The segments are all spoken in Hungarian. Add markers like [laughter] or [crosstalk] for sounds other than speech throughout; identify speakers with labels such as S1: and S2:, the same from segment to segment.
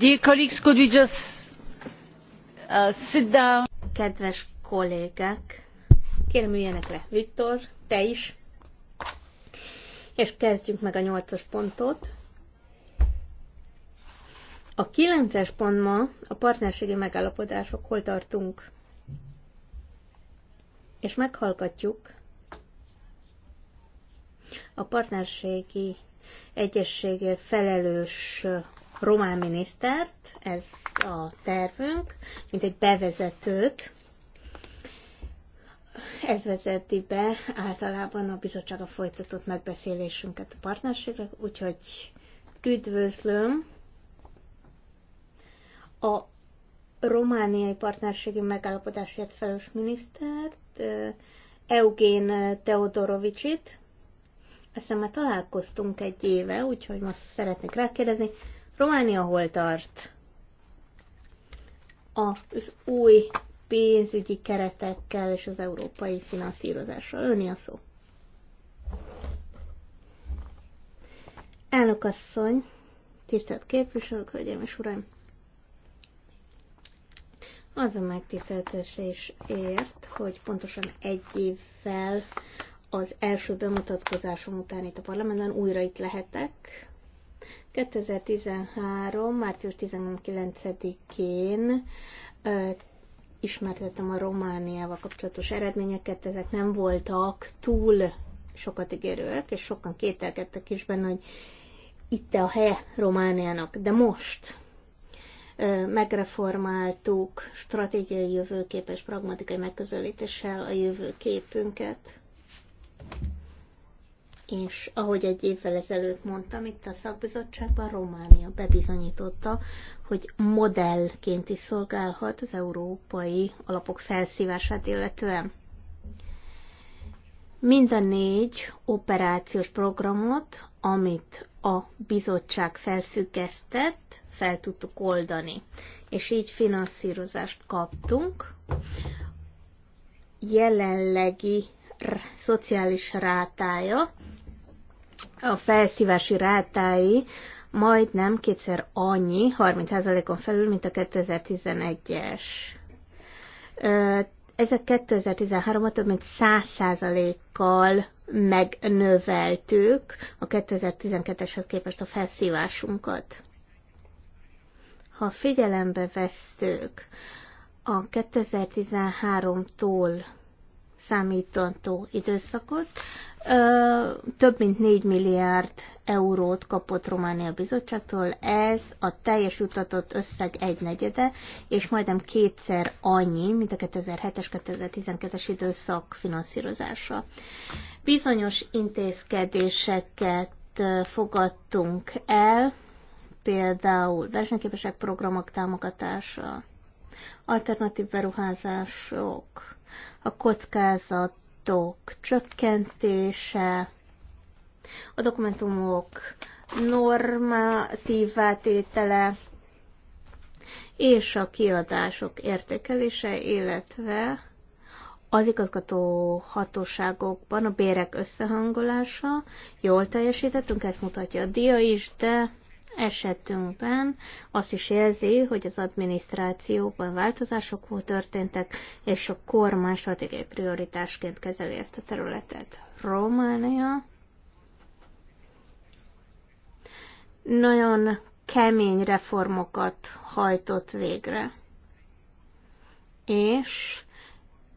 S1: Uh, Kedves kollégák, kérem üljenek
S2: le. Viktor, te is. És kezdjük meg a nyolcas pontot. A kilences pont ma a partnerségi megállapodások, hol tartunk. És meghallgatjuk a partnerségi egyességért felelős román minisztert, ez a tervünk, mint egy bevezetőt. Ez vezeti be általában a bizottsága folytatott megbeszélésünket a partnerségre, úgyhogy üdvözlöm a romániai partnerségi megállapodásért felelős minisztert, Eugén Teodorovicsit. Aztán már találkoztunk egy éve, úgyhogy most szeretnék rákérdezni, Románia hol tart? Az új pénzügyi keretekkel és az európai finanszírozással. Önni a szó. Elnök asszony, tisztelt képviselők, hölgyeim és uraim! Az a megtiszteltetés ért, hogy pontosan egy évvel az első bemutatkozásom után itt a parlamentben újra itt lehetek, 2013. március 19-én ismertettem a Romániával kapcsolatos eredményeket, ezek nem voltak túl sokat ígérőek, és sokan kételkedtek is benne, hogy itt a helye Romániának. De most megreformáltuk stratégiai jövőképes pragmatikai megközelítéssel a jövőképünket és ahogy egy évvel ezelőtt mondtam, itt a szakbizottságban Románia bebizonyította, hogy modellként is szolgálhat az európai alapok felszívását illetően. Mind a négy operációs programot, amit a bizottság felfüggesztett, fel tudtuk oldani, és így finanszírozást kaptunk. Jelenlegi szociális rátája a felszívási rátái majdnem kétszer annyi, 30%-on felül, mint a 2011-es. Ezek 2013-ban több mint 100%-kal megnöveltük a 2012-eshez képest a felszívásunkat. Ha figyelembe vesztük a 2013-tól számítató időszakot. Több mint 4 milliárd eurót kapott Románia bizottságtól, ez a teljes jutatott összeg egy negyede, és majdnem kétszer annyi, mint a 2007-es, 2012-es időszak finanszírozása. Bizonyos intézkedéseket fogadtunk el, például versenyképesek programok támogatása, alternatív beruházások, a kockázatok csökkentése, a dokumentumok átétele, és a kiadások értékelése, illetve az igazgató hatóságokban a bérek összehangolása. Jól teljesítettünk, ezt mutatja a dia is, de esetünkben azt is jelzi, hogy az adminisztrációban változások történtek, és a kormány stratégiai prioritásként kezeli ezt a területet. Románia nagyon kemény reformokat hajtott végre, és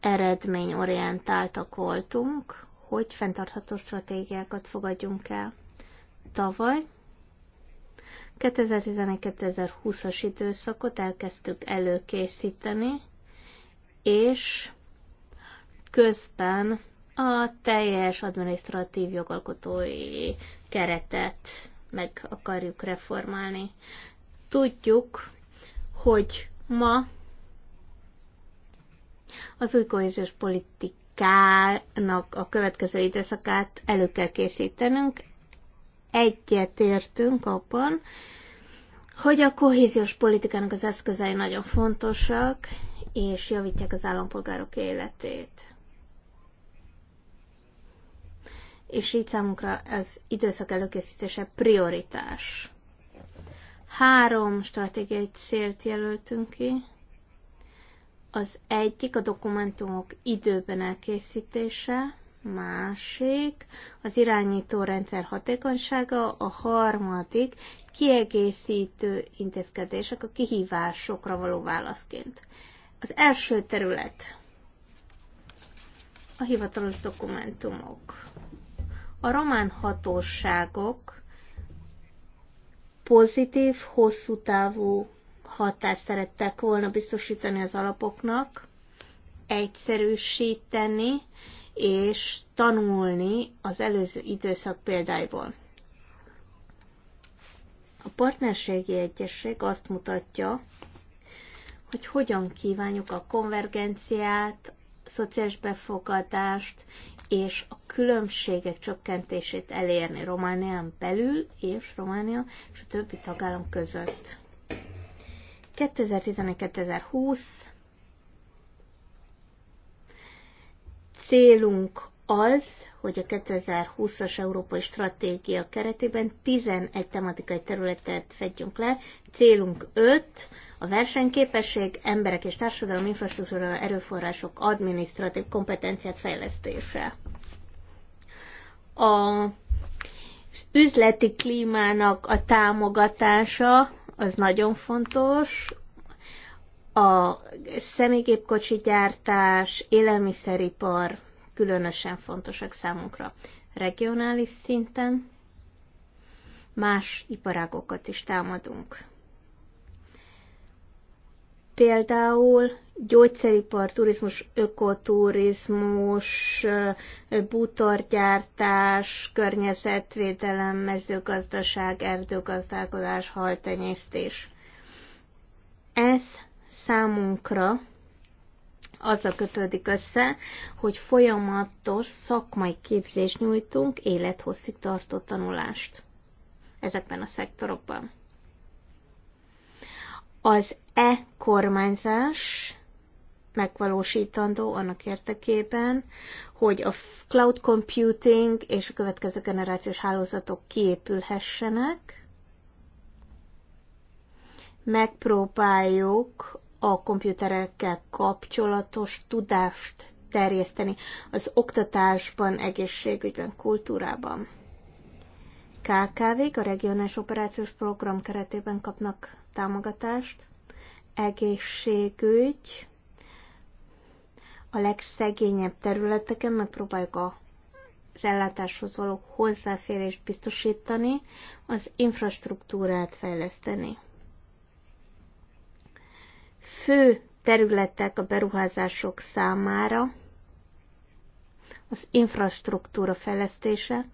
S2: eredményorientáltak voltunk, hogy fenntartható stratégiákat fogadjunk el. Tavaly 2011-2020-as időszakot elkezdtük előkészíteni, és közben a teljes adminisztratív jogalkotói keretet meg akarjuk reformálni. Tudjuk, hogy ma az új kohéziós politikának a következő időszakát elő kell készítenünk, egyetértünk abban, hogy a kohéziós politikának az eszközei nagyon fontosak, és javítják az állampolgárok életét. És így számunkra az időszak előkészítése prioritás. Három stratégiai célt jelöltünk ki. Az egyik a dokumentumok időben elkészítése, másik az irányító rendszer hatékonysága, a harmadik kiegészítő intézkedések a kihívásokra való válaszként. Az első terület a hivatalos dokumentumok. A román hatóságok pozitív, hosszú távú hatást szerettek volna biztosítani az alapoknak, egyszerűsíteni, és tanulni az előző időszak példáiból. A partnerségi egyesség azt mutatja, hogy hogyan kívánjuk a konvergenciát, szociális befogadást és a különbségek csökkentését elérni Románián belül és Románia és a többi tagállam között. 2012 2020 Célunk az, hogy a 2020-as Európai Stratégia keretében 11 tematikai területet fedjünk le. Célunk 5, a versenyképesség, emberek és társadalom, infrastruktúra, erőforrások, adminisztratív kompetenciák fejlesztése. A üzleti klímának a támogatása az nagyon fontos, a személygépkocsi gyártás, élelmiszeripar különösen fontosak számunkra regionális szinten, más iparágokat is támadunk. Például gyógyszeripar, turizmus, ökoturizmus, bútorgyártás, környezetvédelem, mezőgazdaság, erdőgazdálkodás, haltenyésztés. Ez számunkra a kötődik össze, hogy folyamatos szakmai képzést nyújtunk, élethosszig tartó tanulást ezekben a szektorokban. Az e-kormányzás megvalósítandó annak érdekében, hogy a cloud computing és a következő generációs hálózatok kiépülhessenek. Megpróbáljuk a komputerekkel kapcsolatos tudást terjeszteni az oktatásban, egészségügyben, kultúrában. KKV-k a regionális operációs program keretében kapnak támogatást, egészségügy, a legszegényebb területeken megpróbáljuk a az ellátáshoz való hozzáférést biztosítani, az infrastruktúrát fejleszteni fő területek a beruházások számára az infrastruktúra fejlesztése,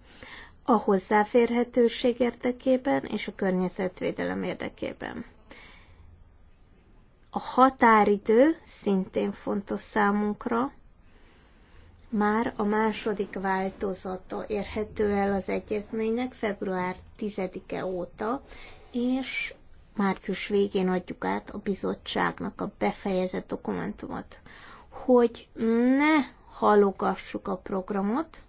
S2: a hozzáférhetőség érdekében és a környezetvédelem érdekében. A határidő szintén fontos számunkra, már a második változata érhető el az egyezménynek február 10-e óta, és március végén adjuk át a bizottságnak a befejezett dokumentumot, hogy ne halogassuk a programot.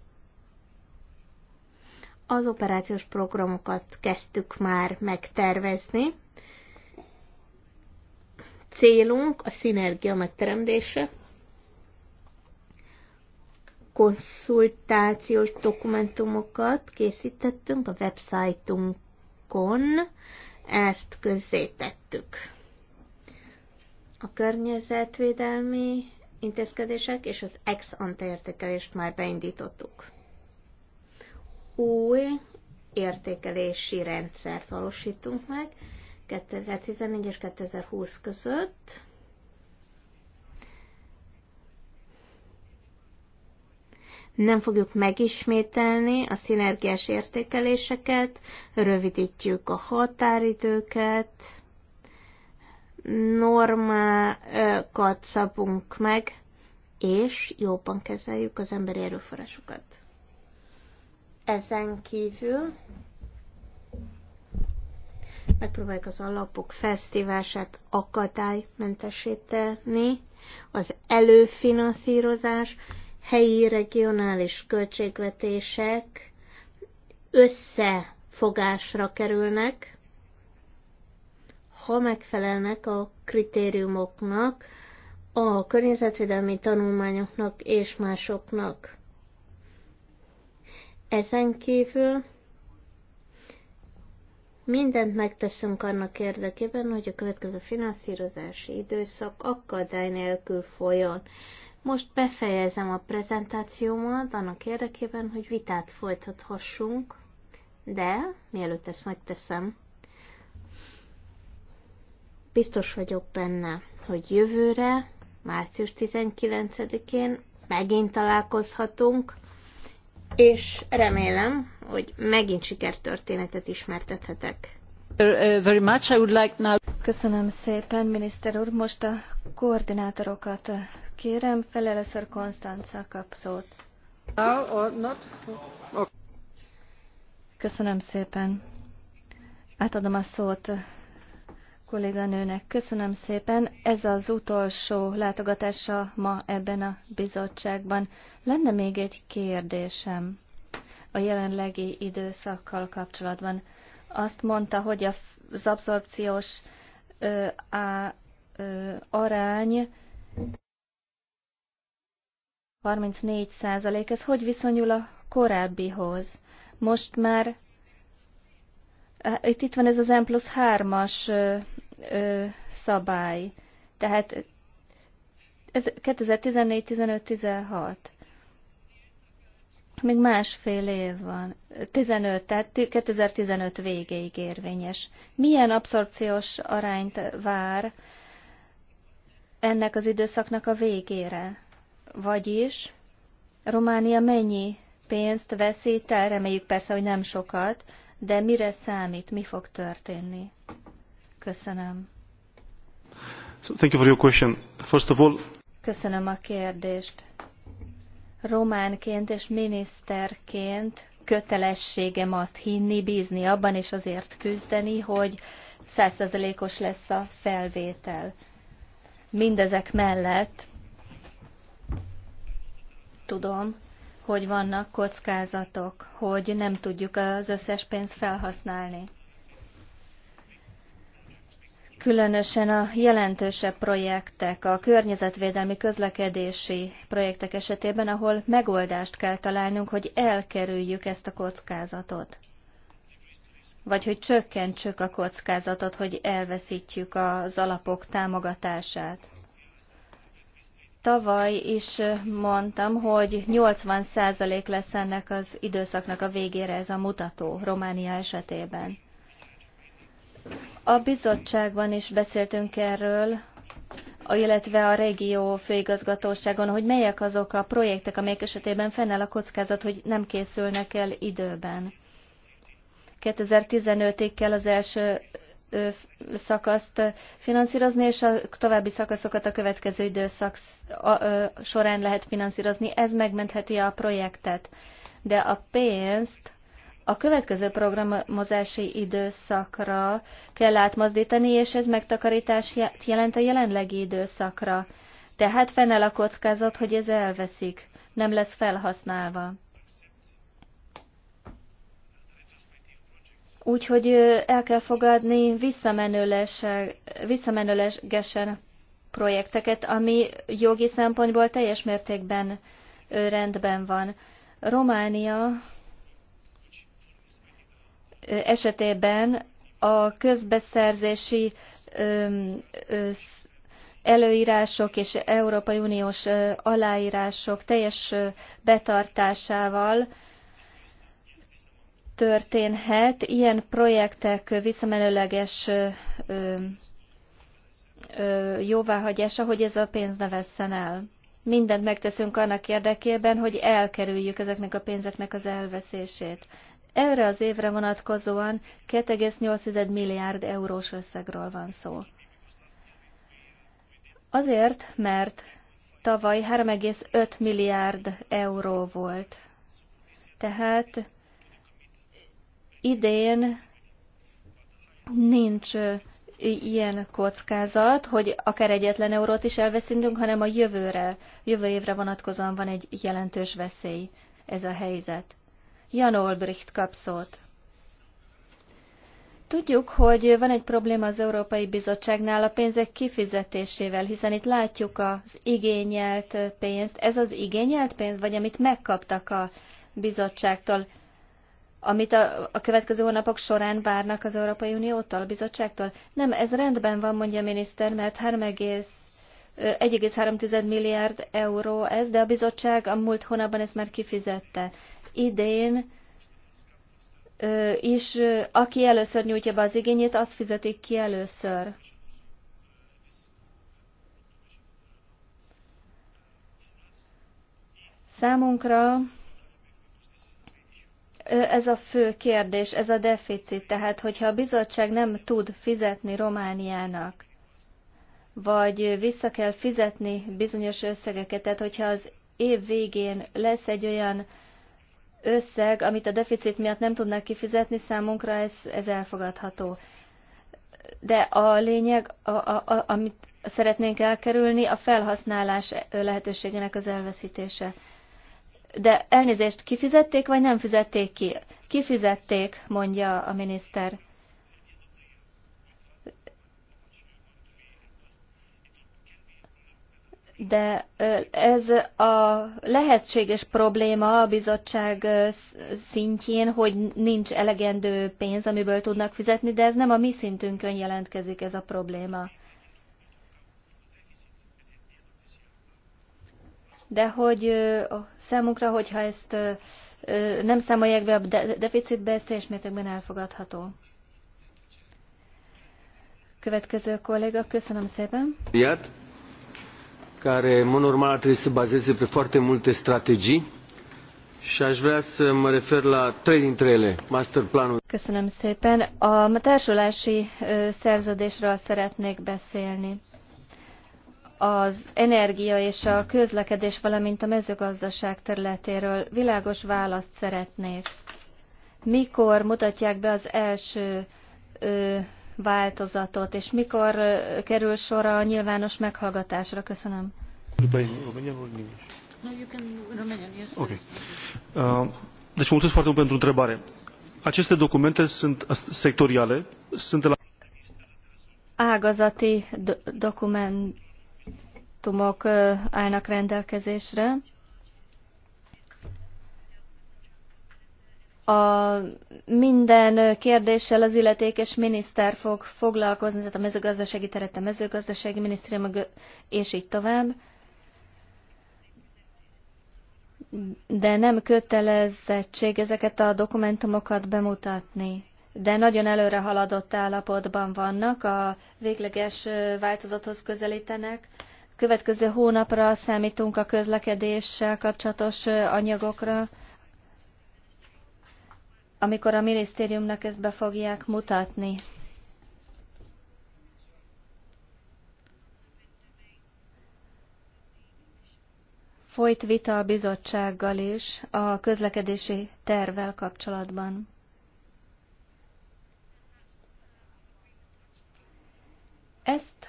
S2: Az operációs programokat kezdtük már megtervezni. Célunk a szinergia megteremtése, konszultációs dokumentumokat készítettünk a websájtunkon, ezt közzétettük. A környezetvédelmi intézkedések és az ex-ante értékelést már beindítottuk. Új értékelési rendszert valósítunk meg 2014 és 2020 között, nem fogjuk megismételni a szinergiás értékeléseket, rövidítjük a határidőket, normákat szabunk meg, és jobban kezeljük az emberi erőforrásokat. Ezen kívül megpróbáljuk az alapok felszívását akadálymentesíteni, az előfinanszírozás helyi regionális költségvetések összefogásra kerülnek, ha megfelelnek a kritériumoknak, a környezetvédelmi tanulmányoknak és másoknak. Ezen kívül mindent megteszünk annak érdekében, hogy a következő finanszírozási időszak akadály nélkül folyjon. Most befejezem a prezentációmat annak érdekében, hogy vitát folytathassunk, de mielőtt ezt megteszem, biztos vagyok benne, hogy jövőre, március 19-én megint találkozhatunk, és remélem, hogy megint sikertörténetet ismertethetek.
S3: Very much. I would like now... Köszönöm szépen, miniszter úr. Most a koordinátorokat kérem, fel először Konstanca kap szót. Köszönöm szépen. Átadom a szót kolléganőnek. Köszönöm szépen. Ez az utolsó látogatása ma ebben a bizottságban. Lenne még egy kérdésem a jelenlegi időszakkal kapcsolatban. Azt mondta, hogy az abszorpciós ö, á, ö, arány 34 százalék. Ez hogy viszonyul a korábbihoz? Most már eh, itt, itt van ez az M plusz 3-as szabály. Tehát ez 2014, 15, 16. Még másfél év van. 15, tehát 2015 végéig érvényes. Milyen abszorpciós arányt vár ennek az időszaknak a végére? Vagyis Románia mennyi pénzt veszít el, reméljük persze, hogy nem sokat, de mire számít, mi fog történni? Köszönöm.
S1: So, thank you for your question.
S4: First of all...
S3: Köszönöm a kérdést. Románként és miniszterként kötelességem azt hinni, bízni abban, és azért küzdeni, hogy százszerzelékos lesz a felvétel. Mindezek mellett tudom, hogy vannak kockázatok, hogy nem tudjuk az összes pénzt felhasználni. Különösen a jelentősebb projektek, a környezetvédelmi közlekedési projektek esetében, ahol megoldást kell találnunk, hogy elkerüljük ezt a kockázatot. Vagy hogy csökkentsük a kockázatot, hogy elveszítjük az alapok támogatását. Tavaly is mondtam, hogy 80% lesz ennek az időszaknak a végére ez a mutató Románia esetében. A bizottságban is beszéltünk erről, illetve a régió főigazgatóságon, hogy melyek azok a projektek, amelyek esetében fennáll a kockázat, hogy nem készülnek el időben. 2015-ig kell az első szakaszt finanszírozni, és a további szakaszokat a következő időszak során lehet finanszírozni. Ez megmentheti a projektet. De a pénzt a következő programozási időszakra kell átmozdítani, és ez megtakarítás jelent a jelenlegi időszakra. Tehát fennáll a kockázat, hogy ez elveszik, nem lesz felhasználva. Úgyhogy el kell fogadni visszamenőlegesen projekteket, ami jogi szempontból teljes mértékben rendben van. Románia esetében a közbeszerzési előírások és Európai Uniós aláírások teljes betartásával történhet ilyen projektek visszamenőleges jóváhagyása, hogy ez a pénz ne vesszen el. Mindent megteszünk annak érdekében, hogy elkerüljük ezeknek a pénzeknek az elveszését. Erre az évre vonatkozóan 2,8 milliárd eurós összegről van szó. Azért, mert tavaly 3,5 milliárd euró volt. Tehát Idén nincs ilyen kockázat, hogy akár egyetlen eurót is elveszítünk, hanem a jövőre, jövő évre vonatkozóan van egy jelentős veszély ez a helyzet. Jan Olbricht kap szót. Tudjuk, hogy van egy probléma az Európai Bizottságnál a pénzek kifizetésével, hiszen itt látjuk az igényelt pénzt. Ez az igényelt pénz, vagy amit megkaptak a bizottságtól amit a, a következő hónapok során várnak az Európai Uniótól, a bizottságtól? Nem, ez rendben van, mondja a miniszter, mert 1,3 milliárd euró ez, de a bizottság a múlt hónapban ezt már kifizette. Idén is, aki először nyújtja be az igényét, azt fizetik ki először. Számunkra ez a fő kérdés, ez a deficit, tehát hogyha a bizottság nem tud fizetni Romániának, vagy vissza kell fizetni bizonyos összegeket, tehát hogyha az év végén lesz egy olyan összeg, amit a deficit miatt nem tudnak kifizetni, számunkra ez, ez elfogadható. De a lényeg, a, a, a, amit szeretnénk elkerülni, a felhasználás lehetőségének az elveszítése. De elnézést kifizették, vagy nem fizették ki? Kifizették, mondja a miniszter. De ez a lehetséges probléma a bizottság szintjén, hogy nincs elegendő pénz, amiből tudnak fizetni, de ez nem a mi szintünkön jelentkezik ez a probléma. de hogy a számunkra, hogyha ezt nem számolják be a deficitbe, ez teljes mértékben elfogadható. Következő kolléga, köszönöm szépen.
S4: Iat, care, în mod normal, trebuie să bazeze pe foarte multe strategii și aș vrea să mă refer la trei dintre ele, master planul.
S3: Köszönöm szépen. A társulási szerződésről szeretnék beszélni az energia és a közlekedés, valamint a mezőgazdaság területéről világos választ szeretnék. Mikor mutatják be az első ö, változatot, és mikor ö, kerül sor a nyilvános meghallgatásra? Köszönöm.
S4: Uh, deci, mulțumesc foarte mult pentru întrebare. Aceste documente sunt sectoriale, sunt la...
S3: Ágazati dokumentum dokumentumok állnak rendelkezésre. A minden kérdéssel az illetékes miniszter fog foglalkozni, tehát a mezőgazdasági terület, a mezőgazdasági minisztérium, és így tovább. De nem kötelezettség ezeket a dokumentumokat bemutatni de nagyon előre haladott állapotban vannak, a végleges változathoz közelítenek, következő hónapra számítunk a közlekedéssel kapcsolatos anyagokra, amikor a minisztériumnak ezt be fogják mutatni. Folyt vita a bizottsággal is a közlekedési tervvel kapcsolatban. Ezt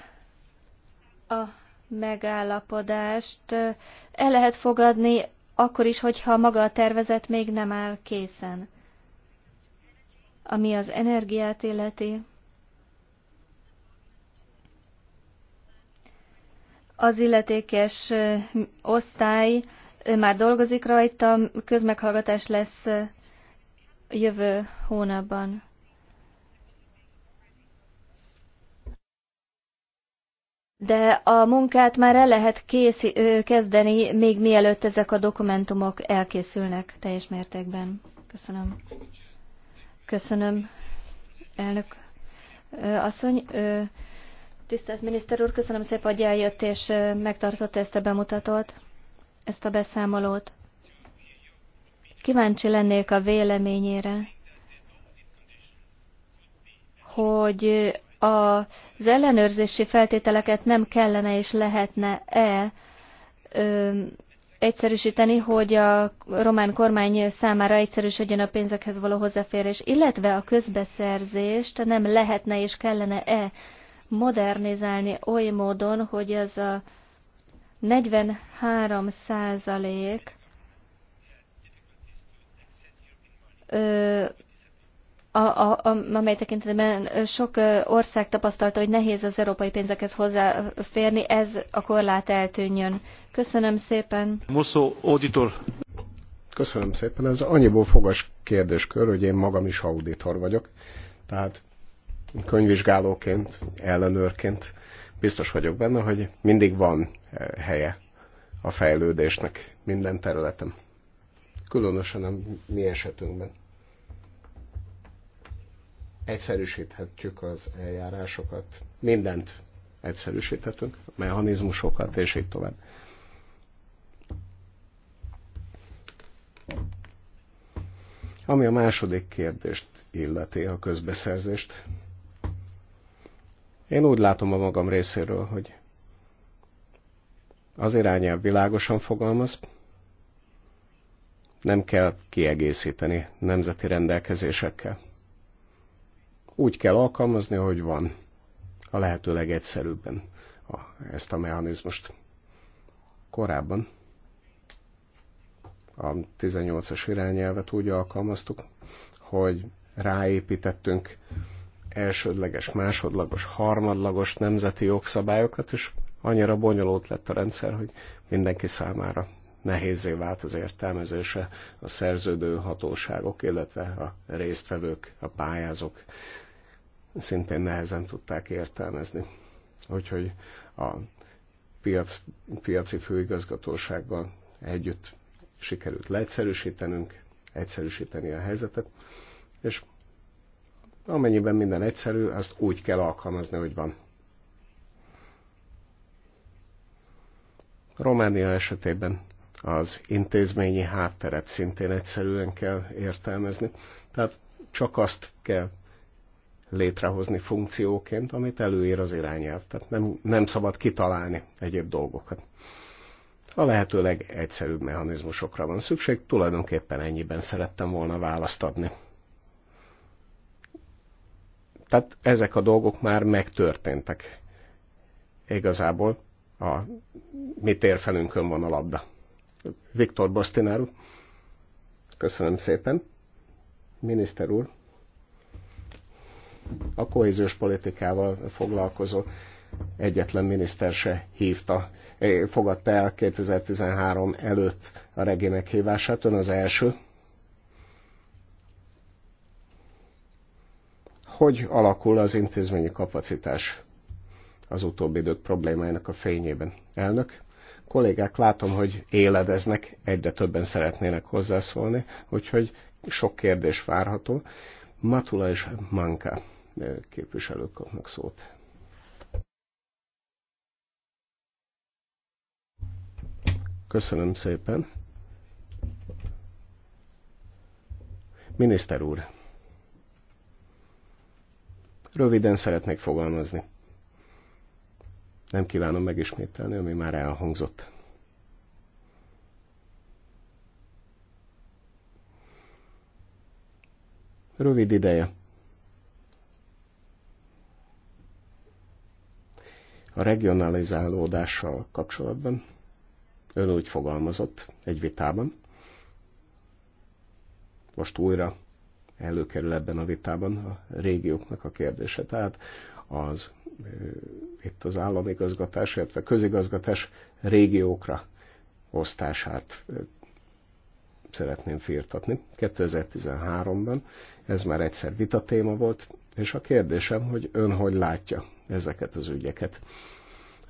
S3: a megállapodást el lehet fogadni akkor is, hogyha maga a tervezet még nem áll készen. Ami az energiát illeti, az illetékes osztály már dolgozik rajta, közmeghallgatás lesz jövő hónapban. de a munkát már el lehet ö, kezdeni, még mielőtt ezek a dokumentumok elkészülnek teljes mértékben. Köszönöm. Köszönöm, elnök asszony. Tisztelt miniszter úr, köszönöm szépen, hogy eljött és megtartotta ezt a bemutatót, ezt a beszámolót. Kíváncsi lennék a véleményére, hogy az ellenőrzési feltételeket nem kellene és lehetne-e egyszerűsíteni, hogy a román kormány számára egyszerűsödjön a pénzekhez való hozzáférés, illetve a közbeszerzést nem lehetne és kellene-e modernizálni oly módon, hogy az a 43 százalék a, a, amely tekintetben sok ország tapasztalta, hogy nehéz az európai pénzekhez hozzáférni, ez a korlát eltűnjön. Köszönöm szépen.
S4: Moszó auditor. Köszönöm szépen. Ez annyiból fogas kérdéskör, hogy én magam is auditor vagyok. Tehát könyvvizsgálóként, ellenőrként biztos vagyok benne, hogy mindig van e, helye a fejlődésnek minden területen. Különösen a mi esetünkben egyszerűsíthetjük az eljárásokat, mindent egyszerűsíthetünk, mechanizmusokat és így tovább. Ami a második kérdést illeti, a közbeszerzést, én úgy látom a magam részéről, hogy az irányelv világosan fogalmaz, nem kell kiegészíteni nemzeti rendelkezésekkel úgy kell alkalmazni, hogy van a lehető legegyszerűbben a, ezt a mechanizmust. Korábban a 18-as irányelvet úgy alkalmaztuk, hogy ráépítettünk elsődleges, másodlagos, harmadlagos nemzeti jogszabályokat, és annyira bonyolult lett a rendszer, hogy mindenki számára nehézé vált az értelmezése a szerződő hatóságok, illetve a résztvevők, a pályázók szintén nehezen tudták értelmezni. Úgyhogy a piac, piaci főigazgatósággal együtt sikerült leegyszerűsítenünk, egyszerűsíteni a helyzetet, és amennyiben minden egyszerű, azt úgy kell alkalmazni, hogy van. Románia esetében az intézményi hátteret szintén egyszerűen kell értelmezni, tehát csak azt kell létrehozni funkcióként, amit előír az irányelv. Tehát nem, nem szabad kitalálni egyéb dolgokat. A lehető legegyszerűbb mechanizmusokra van szükség, tulajdonképpen ennyiben szerettem volna választ adni. Tehát ezek a dolgok már megtörténtek. Igazából a mi térfelünkön van a labda. Viktor Bostináru, köszönöm szépen. Miniszter úr, a kohéziós politikával foglalkozó egyetlen miniszter se hívta, eh, fogadta el 2013 előtt a regi meghívását, ön az első. Hogy alakul az intézményi kapacitás az utóbbi idők problémáinak a fényében? Elnök, kollégák, látom, hogy éledeznek, egyre többen szeretnének hozzászólni, úgyhogy sok kérdés várható. Matula és Manka eh, képviselők kapnak szót. Köszönöm szépen. Miniszter úr, röviden szeretnék fogalmazni. Nem kívánom megismételni, ami már elhangzott. rövid ideje. A regionalizálódással kapcsolatban ön úgy fogalmazott egy vitában, most újra előkerül ebben a vitában a régióknak a kérdése. Tehát az itt az államigazgatás, illetve közigazgatás régiókra osztását szeretném firtatni. 2013-ban ez már egyszer téma volt, és a kérdésem, hogy ön hogy látja ezeket az ügyeket.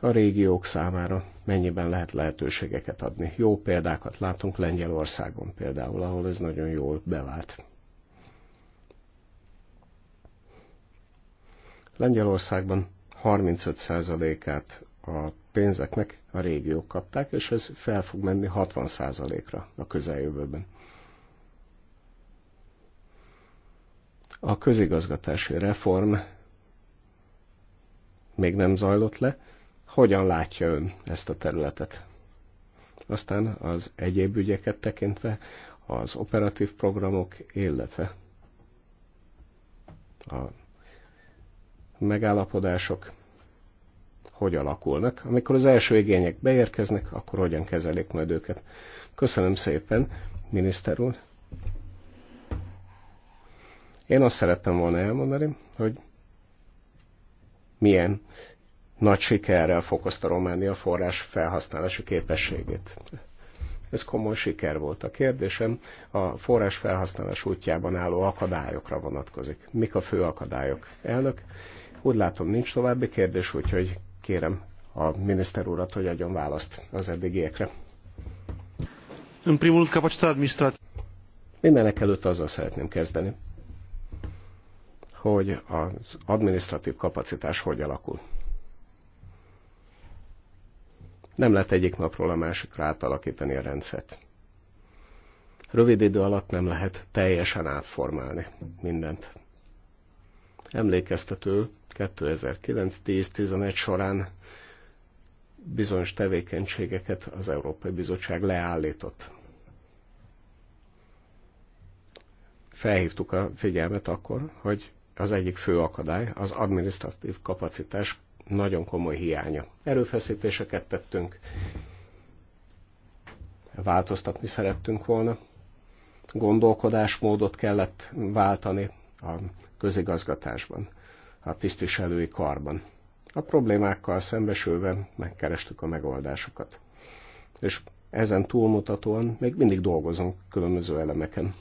S4: A régiók számára mennyiben lehet lehetőségeket adni. Jó példákat látunk Lengyelországon például, ahol ez nagyon jól bevált. Lengyelországban 35%-át a pénzeknek a régiók kapták, és ez fel fog menni 60%-ra a közeljövőben. A közigazgatási reform még nem zajlott le. Hogyan látja ön ezt a területet? Aztán az egyéb ügyeket tekintve az operatív programok, illetve a megállapodások hogy alakulnak. Amikor az első igények beérkeznek, akkor hogyan kezelik majd őket. Köszönöm szépen, miniszter úr. Én azt szerettem volna elmondani, hogy milyen nagy sikerrel fokozta Románia forrás felhasználási képességét. Ez komoly siker volt. A kérdésem a forrás felhasználás útjában álló akadályokra vonatkozik. Mik a fő akadályok? Elnök, úgy látom nincs további kérdés, úgyhogy Kérem a miniszter urat, hogy adjon választ az eddigiekre. În primul rând, Mindenek előtt azzal szeretném kezdeni, hogy az administratív kapacitás hogy alakul. Nem lehet egyik napról a másikra átalakítani a rendszert. Rövid idő alatt nem lehet teljesen átformálni mindent. Emlékeztető 2009-10-11 során bizonyos tevékenységeket az Európai Bizottság leállított. Felhívtuk a figyelmet akkor, hogy az egyik fő akadály az administratív kapacitás nagyon komoly hiánya. Erőfeszítéseket tettünk, változtatni szerettünk volna, gondolkodásmódot kellett váltani a közigazgatásban a tisztviselői karban. A problémákkal szembesülve megkerestük a megoldásokat. És ezen túlmutatóan még mindig dolgozunk különböző elemeken.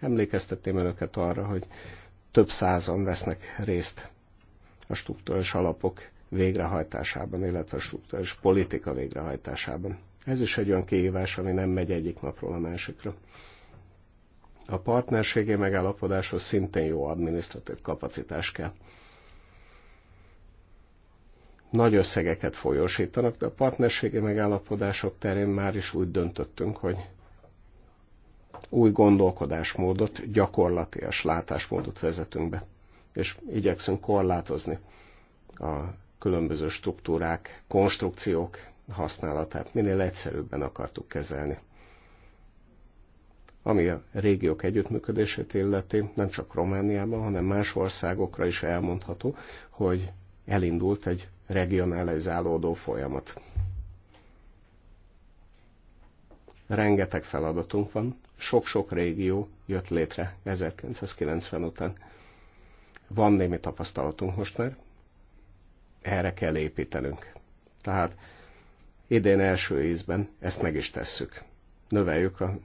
S4: Emlékeztetném önöket arra, hogy több százan vesznek részt a struktúrás alapok végrehajtásában, illetve a struktúrás politika végrehajtásában. Ez is egy olyan kihívás, ami nem megy egyik napról a másikra. A partnerségi megállapodáshoz szintén jó adminisztratív kapacitás kell nagy összegeket folyósítanak, de a partnerségi megállapodások terén már is úgy döntöttünk, hogy új gondolkodásmódot, gyakorlatias látásmódot vezetünk be, és igyekszünk korlátozni a különböző struktúrák, konstrukciók használatát minél egyszerűbben akartuk kezelni. Ami a régiók együttműködését illeti, nem csak Romániában, hanem más országokra is elmondható, hogy elindult egy regionalizálódó folyamat. Rengeteg feladatunk van, sok-sok régió jött létre 1990 után. Van némi tapasztalatunk most már, erre kell építenünk. Tehát idén első ízben ezt meg is tesszük. Növeljük a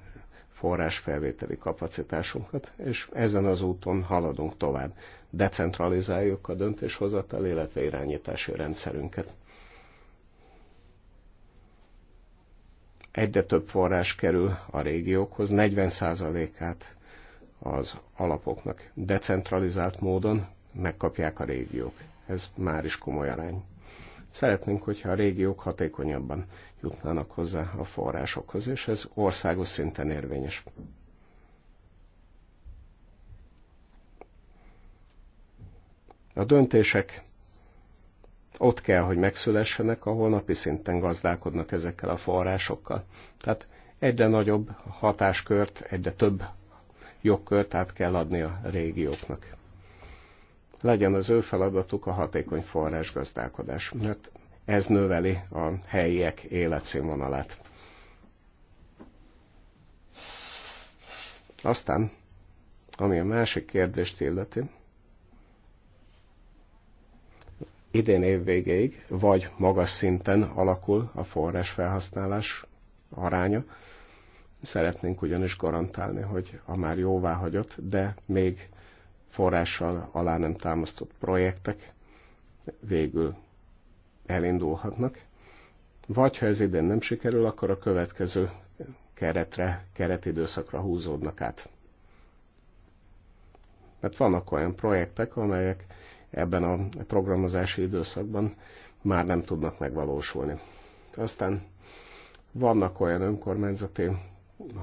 S4: forrásfelvételi kapacitásunkat, és ezen az úton haladunk tovább decentralizáljuk a döntéshozatal, illetve irányítási rendszerünket. Egyre több forrás kerül a régiókhoz, 40%-át az alapoknak decentralizált módon megkapják a régiók. Ez már is komoly arány. Szeretnénk, hogyha a régiók hatékonyabban jutnának hozzá a forrásokhoz, és ez országos szinten érvényes. A döntések ott kell, hogy megszülessenek, ahol napi szinten gazdálkodnak ezekkel a forrásokkal. Tehát egyre nagyobb hatáskört, egyre több jogkört át kell adni a régióknak. Legyen az ő feladatuk a hatékony forrásgazdálkodás, mert ez növeli a helyiek életszínvonalát. Aztán, ami a másik kérdést illeti, idén év végéig, vagy magas szinten alakul a forrás felhasználás aránya. Szeretnénk ugyanis garantálni, hogy a már jóvá hagyott, de még forrással alá nem támasztott projektek végül elindulhatnak. Vagy ha ez idén nem sikerül, akkor a következő keretre, keretidőszakra húzódnak át. Mert vannak olyan projektek, amelyek ebben a programozási időszakban már nem tudnak megvalósulni. Aztán vannak olyan önkormányzati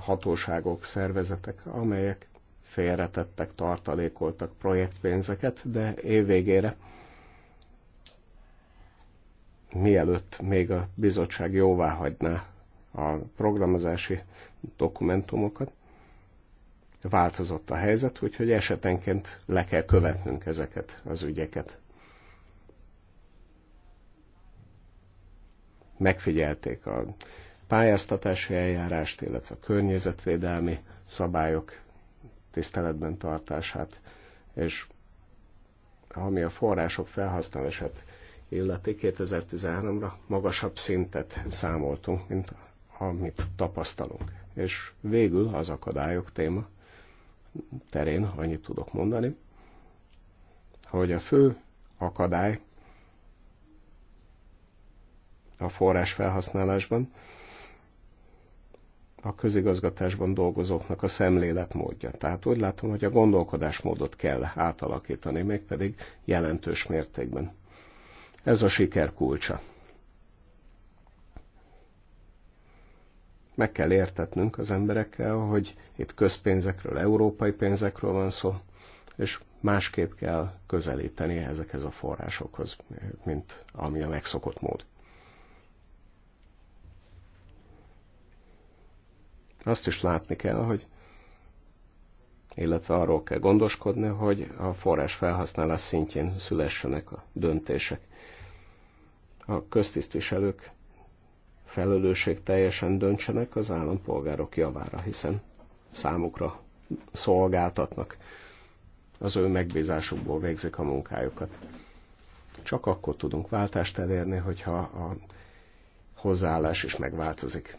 S4: hatóságok, szervezetek, amelyek félretettek, tartalékoltak projektpénzeket, de évvégére, mielőtt még a bizottság jóvá hagyná a programozási dokumentumokat, változott a helyzet, úgyhogy esetenként le kell követnünk ezeket az ügyeket. Megfigyelték a pályáztatási eljárást, illetve a környezetvédelmi szabályok tiszteletben tartását, és ami a források felhasználását illeti 2013-ra magasabb szintet számoltunk, mint amit tapasztalunk. És végül az akadályok téma terén annyit tudok mondani, hogy a fő akadály a forrás felhasználásban a közigazgatásban dolgozóknak a szemléletmódja. Tehát úgy látom, hogy a gondolkodásmódot kell átalakítani, mégpedig jelentős mértékben. Ez a siker kulcsa. meg kell értetnünk az emberekkel, hogy itt közpénzekről, európai pénzekről van szó, és másképp kell közelíteni ezekhez a forrásokhoz, mint ami a megszokott mód. Azt is látni kell, hogy illetve arról kell gondoskodni, hogy a forrás felhasználás szintjén szülessenek a döntések. A köztisztviselők felelősség teljesen döntsenek az állampolgárok javára, hiszen számukra szolgáltatnak, az ő megbízásukból végzik a munkájukat. Csak akkor tudunk váltást elérni, hogyha a hozzáállás is megváltozik.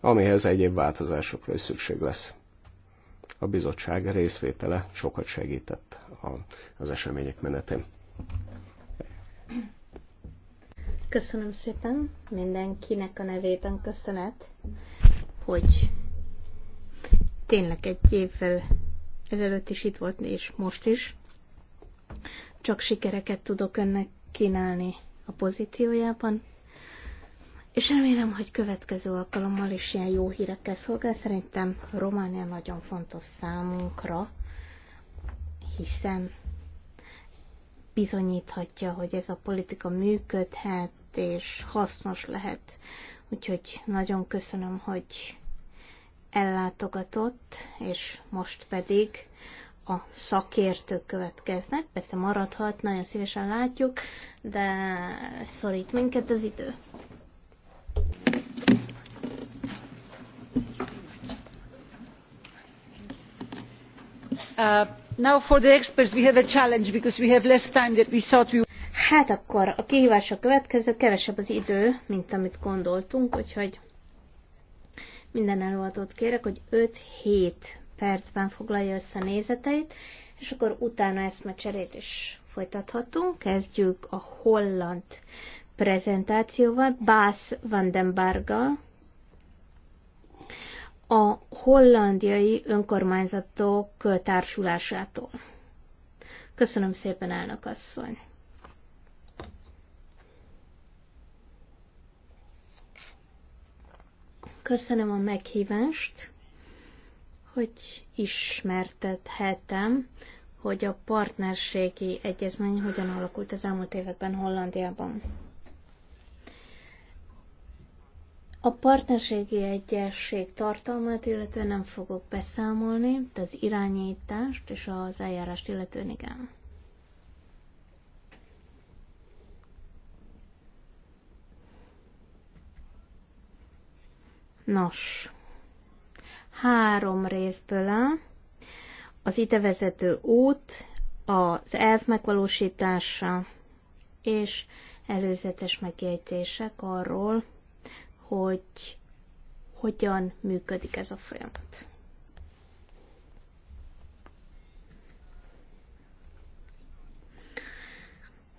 S4: Amihez egyéb változásokra is szükség lesz a bizottság részvétele sokat segített az események menetén.
S2: Köszönöm szépen mindenkinek a nevében köszönet, hogy tényleg egy évvel ezelőtt is itt volt, és most is. Csak sikereket tudok önnek kínálni a pozíciójában. És remélem, hogy következő alkalommal is ilyen jó hírekkel szolgál. Szerintem Románia nagyon fontos számunkra, hiszen bizonyíthatja, hogy ez a politika működhet és hasznos lehet. Úgyhogy nagyon köszönöm, hogy ellátogatott, és most pedig a szakértők következnek. Persze maradhat, nagyon szívesen látjuk, de szorít minket az idő.
S1: Hát akkor a kihívás a következő, kevesebb az idő, mint amit
S2: gondoltunk, úgyhogy minden előadót kérek, hogy 5-7 percben foglalja össze a nézeteit, és akkor utána ezt meg cserét is folytathatunk. Kezdjük a holland prezentációval. Bász Vandenberga, a hollandiai önkormányzatok társulásától. Köszönöm szépen, elnök asszony! Köszönöm a meghívást, hogy ismertethetem, hogy a partnerségi egyezmény hogyan alakult az elmúlt években Hollandiában. A partnerségi egyesség tartalmát illetve nem fogok beszámolni, de az irányítást és az eljárást illetően igen. Nos, három részből áll. Az ide vezető út, az elv megvalósítása és előzetes megjegyzések arról, hogy hogyan működik ez a folyamat.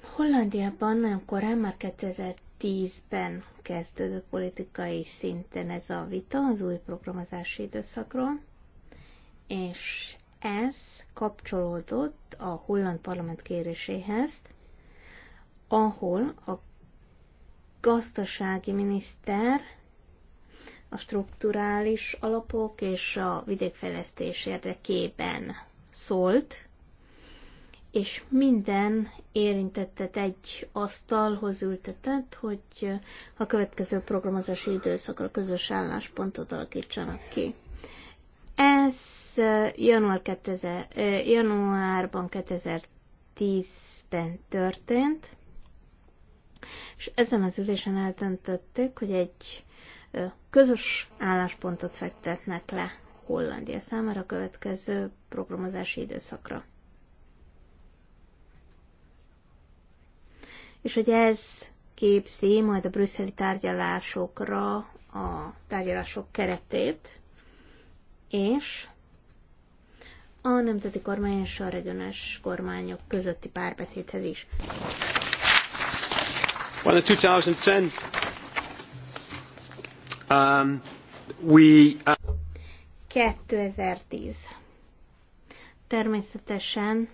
S2: Hollandiában nagyon korán, már 2010-ben kezdődött politikai szinten ez a vita az új programozási időszakról, és ez kapcsolódott a holland parlament kéréséhez, ahol a gazdasági miniszter, a strukturális alapok és a vidékfejlesztés érdekében szólt, és minden érintettet egy asztalhoz ültetett, hogy a következő programozási időszakra közös álláspontot alakítsanak ki. Ez január 2000, januárban 2010-ben történt, és ezen az ülésen eltöntöttük, hogy egy közös álláspontot fektetnek le Hollandia számára a következő programozási időszakra. És hogy ez képzi majd a brüsszeli tárgyalásokra a tárgyalások keretét, és a nemzeti kormány és a regionális kormányok közötti párbeszédhez is.
S4: Well, in 2010, um, we, uh...
S2: 2010. Természetesen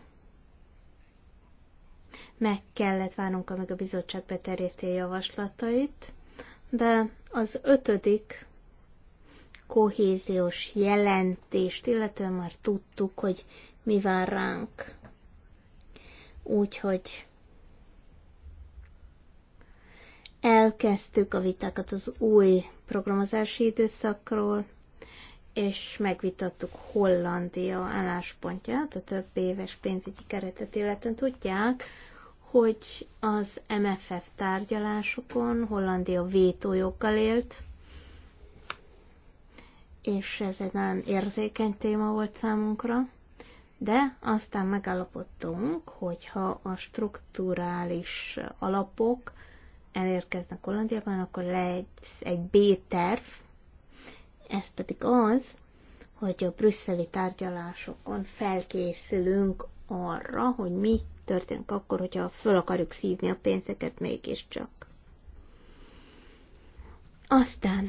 S2: meg kellett várnunk, amíg a bizottság beterjeszti a javaslatait, de az ötödik kohéziós jelentést, illetően már tudtuk, hogy mi vár ránk. Úgyhogy Elkezdtük a vitákat az új programozási időszakról, és megvitattuk Hollandia álláspontját, a több éves pénzügyi keretet illetően tudják, hogy az MFF tárgyalásokon Hollandia vétójoggal élt, és ez egy nagyon érzékeny téma volt számunkra, de aztán megállapodtunk, hogyha a strukturális alapok elérkeznek Hollandiában, akkor lesz egy B-terv, ez pedig az, hogy a brüsszeli tárgyalásokon felkészülünk arra, hogy mi történik akkor, hogyha föl akarjuk szívni a pénzeket mégiscsak. Aztán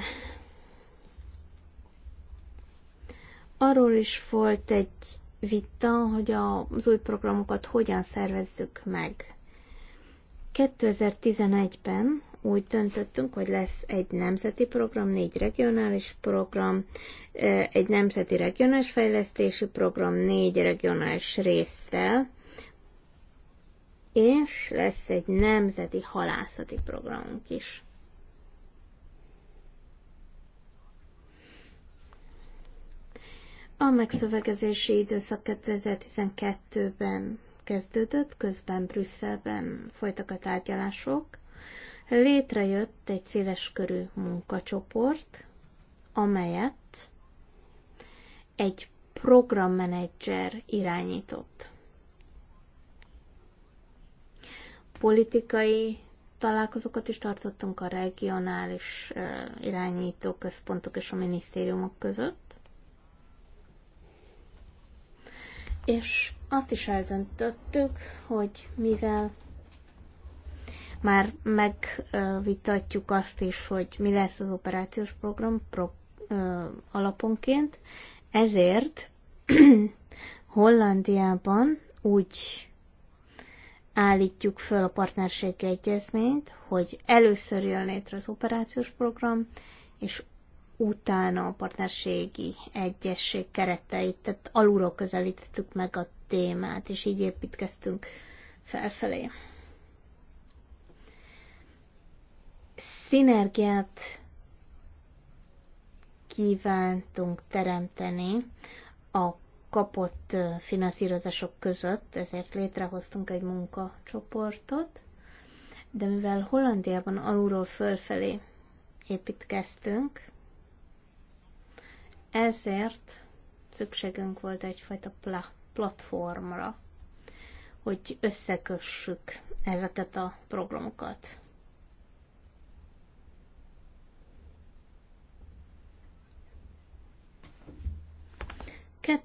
S2: arról is volt egy vita, hogy az új programokat hogyan szervezzük meg. 2011-ben úgy döntöttünk, hogy lesz egy nemzeti program, négy regionális program, egy nemzeti regionális fejlesztési program, négy regionális résszel, és lesz egy nemzeti halászati programunk is. A megszövegezési időszak 2012-ben kezdődött, közben Brüsszelben folytak a tárgyalások. Létrejött egy széleskörű munkacsoport, amelyet egy programmenedzser irányított. Politikai találkozókat is tartottunk a regionális irányító központok és a minisztériumok között. És azt is eldöntöttük, hogy mivel már megvitatjuk azt is, hogy mi lesz az operációs program pro, ö, alaponként, ezért [clears throat] Hollandiában úgy állítjuk föl a partnerségi egyezményt, hogy először jön létre az operációs program, és utána a partnerségi egyesség kereteit, tehát alulról közelítettük meg a témát, és így építkeztünk felfelé. Szinergiát kívántunk teremteni a kapott finanszírozások között, ezért létrehoztunk egy munkacsoportot, de mivel Hollandiában alulról fölfelé építkeztünk, ezért szükségünk volt egyfajta plat platformra, hogy összekössük ezeket a programokat.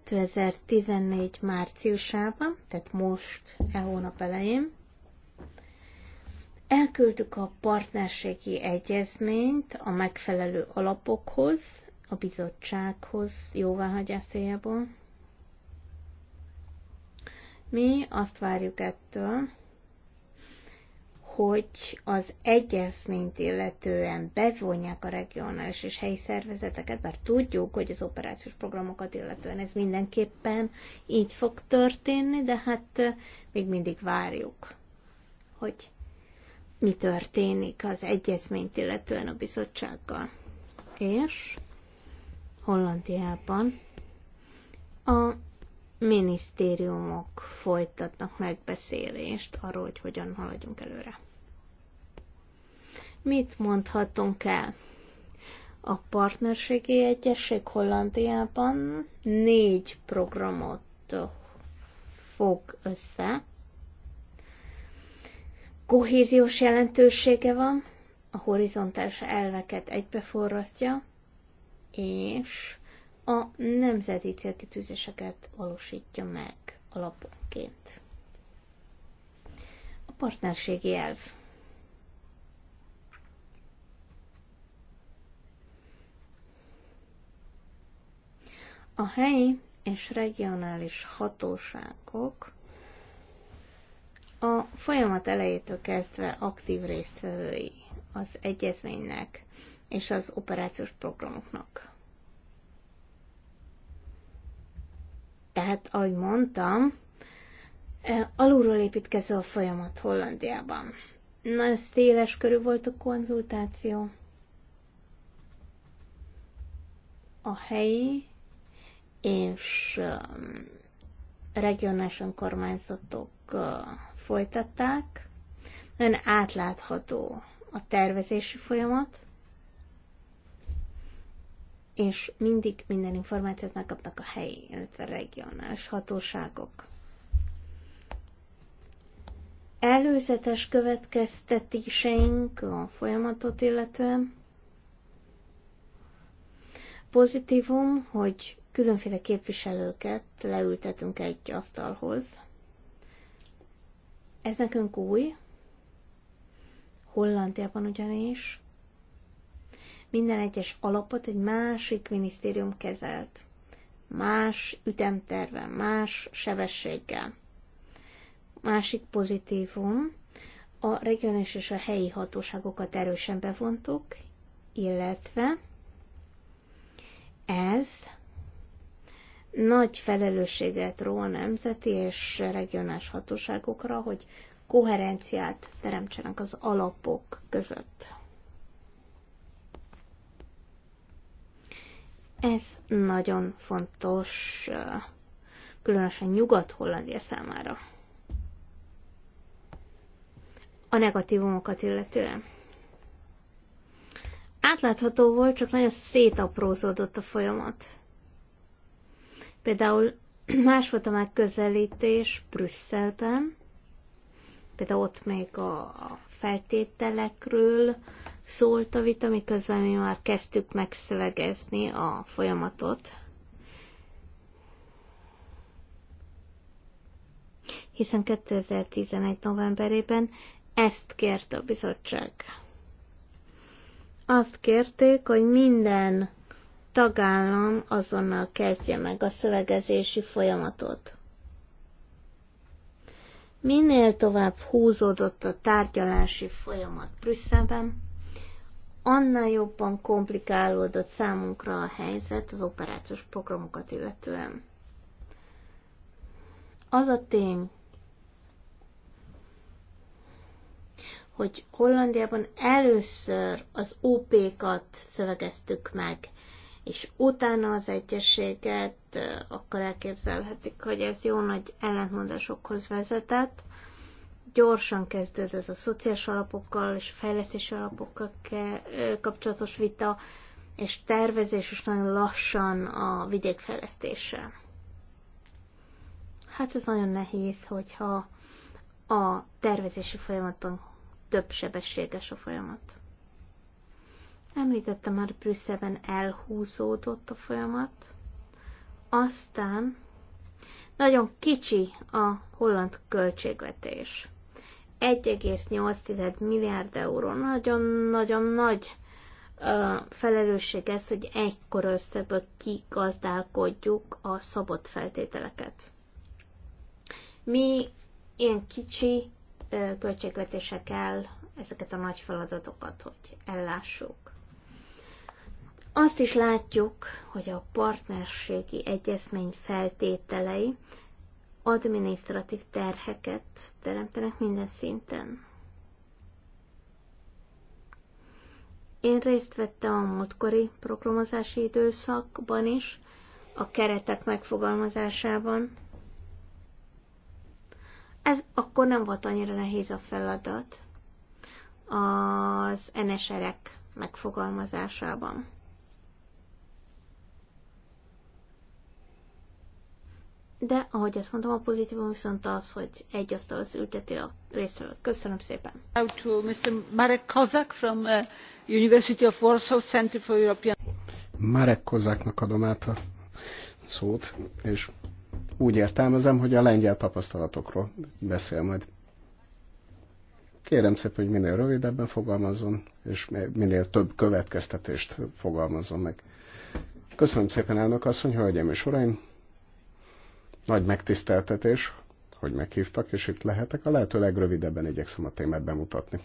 S2: ...2014 márciusában, tehát most, e hónap elején, elküldtük a partnerségi egyezményt a megfelelő alapokhoz, a bizottsághoz jóváhagyásájából. Mi azt várjuk ettől, hogy az egyezményt illetően bevonják a regionális és helyi szervezeteket, bár tudjuk, hogy az operációs programokat illetően ez mindenképpen így fog történni, de hát még mindig várjuk, hogy mi történik az egyezményt illetően a bizottsággal. És Hollandiában a minisztériumok folytatnak megbeszélést arról, hogy hogyan haladjunk előre. Mit mondhatunk el? A partnerségi egyesség Hollandiában négy programot fog össze. Kohéziós jelentősége van, a horizontális elveket egybeforrasztja, és a nemzeti célkitűzéseket valósítja meg alaponként. A partnerségi elv. A helyi és regionális hatóságok a folyamat elejétől kezdve aktív résztvevői az egyezménynek és az operációs programoknak. Tehát, ahogy mondtam, alulról építkező a folyamat Hollandiában. Nagyon széles körül volt a konzultáció. A helyi és regionális önkormányzatok folytatták. Ön átlátható a tervezési folyamat, és mindig minden információt megkapnak a helyi, illetve a regionális hatóságok. Előzetes következtetéseink a folyamatot illetően. Pozitívum, hogy különféle képviselőket leültetünk egy asztalhoz. Ez nekünk új, Hollandiában ugyanis minden egyes alapot egy másik minisztérium kezelt. Más ütemterve, más sebességgel. Másik pozitívum, a regionális és a helyi hatóságokat erősen bevontuk, illetve ez nagy felelősséget ró a nemzeti és regionális hatóságokra, hogy koherenciát teremtsenek az alapok között. Ez nagyon fontos, különösen Nyugat-Hollandia számára. A negatívumokat illetően. Átlátható volt, csak nagyon szétaprózódott a folyamat. Például [clears throat] más volt a megközelítés Brüsszelben, például ott még a feltételekről szólt a vita, miközben mi már kezdtük megszövegezni a folyamatot. Hiszen 2011. novemberében ezt kérte a bizottság. Azt kérték, hogy minden tagállam azonnal kezdje meg a szövegezési folyamatot. Minél tovább húzódott a tárgyalási folyamat Brüsszelben, annál jobban komplikálódott számunkra a helyzet az operációs programokat illetően. Az a tény, hogy Hollandiában először az OP-kat szövegeztük meg, és utána az egyességet, akkor elképzelhetik, hogy ez jó nagy ellentmondásokhoz vezetett. Gyorsan kezdődött a szociális alapokkal és fejlesztési alapokkal kapcsolatos vita, és tervezés is nagyon lassan a vidékfejlesztése. Hát ez nagyon nehéz, hogyha a tervezési folyamatban több sebességes a folyamat. Említettem már, Brüsszelben elhúzódott a folyamat. Aztán nagyon kicsi a holland költségvetés. 1,8 milliárd euró. Nagyon-nagyon nagy ö, felelősség ez, hogy egykor összeből kigazdálkodjuk a szabott feltételeket. Mi ilyen kicsi ö, költségvetésekkel ezeket a nagy feladatokat, hogy ellássuk. Azt is látjuk, hogy a partnerségi egyezmény feltételei adminisztratív terheket teremtenek minden szinten. Én részt vettem a múltkori programozási időszakban is, a keretek megfogalmazásában. Ez akkor nem volt annyira nehéz a feladat az NSR-ek megfogalmazásában. De, ahogy azt mondtam, a pozitívum viszont az, hogy egy az ülteti a résztvevőt.
S1: Köszönöm szépen. to Mr. Marek Kozak from uh, University of Warsaw Center for European...
S4: Marek Kozaknak adom át a szót, és úgy értelmezem, hogy a lengyel tapasztalatokról beszél majd. Kérem szépen, hogy minél rövidebben fogalmazzon, és minél több következtetést fogalmazzon meg. Köszönöm szépen, elnök asszony, hölgyeim és uraim! Nagy megtiszteltetés, hogy meghívtak, és itt lehetek. A lehető legrövidebben igyekszem a témát bemutatni.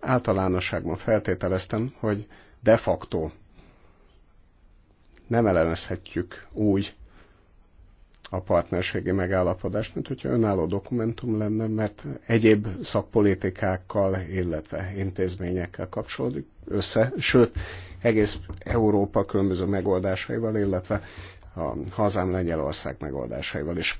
S4: Általánosságban feltételeztem, hogy de facto nem elemezhetjük úgy a partnerségi megállapodást, mint hogyha önálló dokumentum lenne, mert egyéb szakpolitikákkal, illetve intézményekkel kapcsolódik össze, sőt, egész Európa különböző megoldásaival, illetve a hazám Lengyelország megoldásaival is.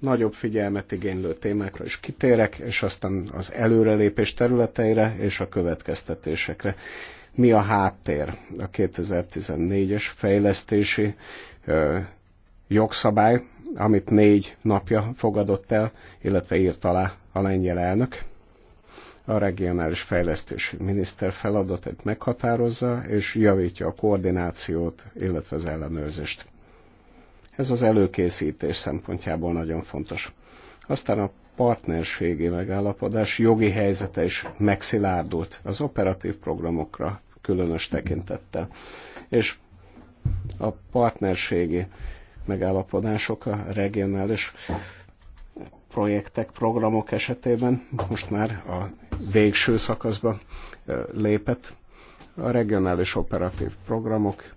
S4: Nagyobb figyelmet igénylő témákra is kitérek, és aztán az előrelépés területeire és a következtetésekre. Mi a háttér a 2014-es fejlesztési ö, jogszabály, amit négy napja fogadott el, illetve írt alá a lengyel elnök a regionális fejlesztési miniszter feladatát meghatározza és javítja a koordinációt, illetve az ellenőrzést. Ez az előkészítés szempontjából nagyon fontos. Aztán a partnerségi megállapodás jogi helyzete is megszilárdult az operatív programokra különös tekintettel. És a partnerségi megállapodások a regionális projektek, programok esetében most már a végső szakaszba lépett. A regionális operatív programok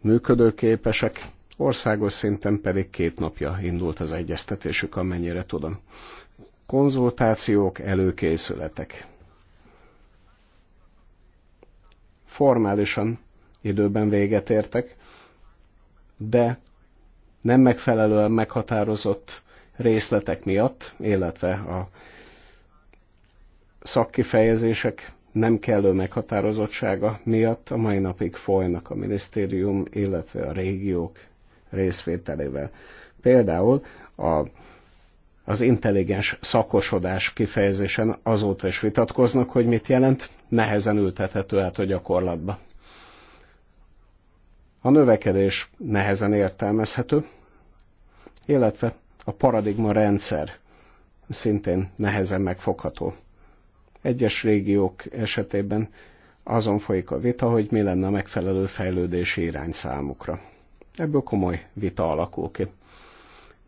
S4: működőképesek, országos szinten pedig két napja indult az egyeztetésük, amennyire tudom. Konzultációk, előkészületek. Formálisan időben véget értek, de nem megfelelően meghatározott részletek miatt, illetve a szakkifejezések nem kellő meghatározottsága miatt a mai napig folynak a minisztérium, illetve a régiók részvételével. Például a, az intelligens szakosodás kifejezésen azóta is vitatkoznak, hogy mit jelent, nehezen ültethető át a gyakorlatba. A növekedés nehezen értelmezhető, illetve a paradigma rendszer szintén nehezen megfogható egyes régiók esetében azon folyik a vita, hogy mi lenne a megfelelő fejlődési irány számukra. Ebből komoly vita alakul ki.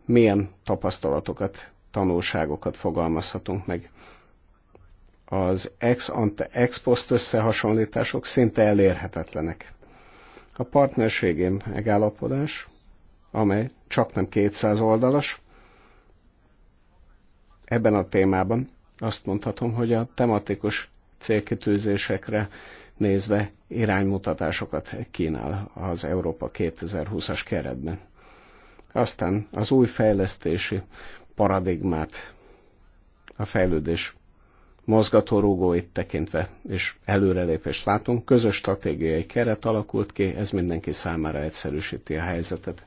S4: Milyen tapasztalatokat, tanulságokat fogalmazhatunk meg? Az ex ante ex post összehasonlítások szinte elérhetetlenek. A partnerségém megállapodás, amely csak nem 200 oldalas, ebben a témában azt mondhatom, hogy a tematikus célkitűzésekre nézve iránymutatásokat kínál az Európa 2020-as keretben. Aztán az új fejlesztési paradigmát, a fejlődés mozgatórugóit tekintve, és előrelépést látunk. Közös stratégiai keret alakult ki, ez mindenki számára egyszerűsíti a helyzetet.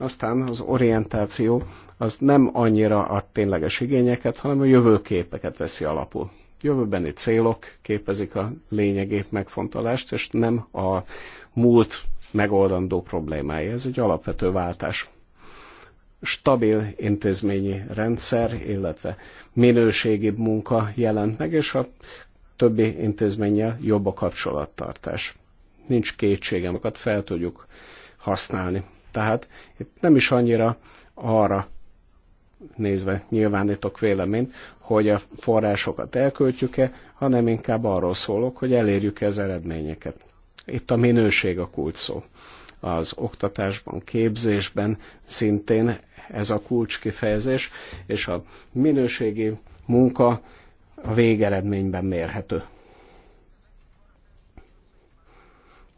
S4: Aztán az orientáció az nem annyira a tényleges igényeket, hanem a jövőképeket veszi alapul. Jövőbeni célok képezik a lényegét megfontolást, és nem a múlt megoldandó problémái. Ez egy alapvető váltás stabil intézményi rendszer, illetve minőségibb munka jelent meg, és a többi intézménnyel jobb a kapcsolattartás. Nincs kétségem, fel tudjuk használni. Tehát itt nem is annyira arra nézve nyilvánítok véleményt, hogy a forrásokat elköltjük-e, hanem inkább arról szólok, hogy elérjük -e az eredményeket. Itt a minőség a kulcs, szó. Az oktatásban, képzésben szintén ez a kulcs kifejezés, és a minőségi munka a végeredményben mérhető.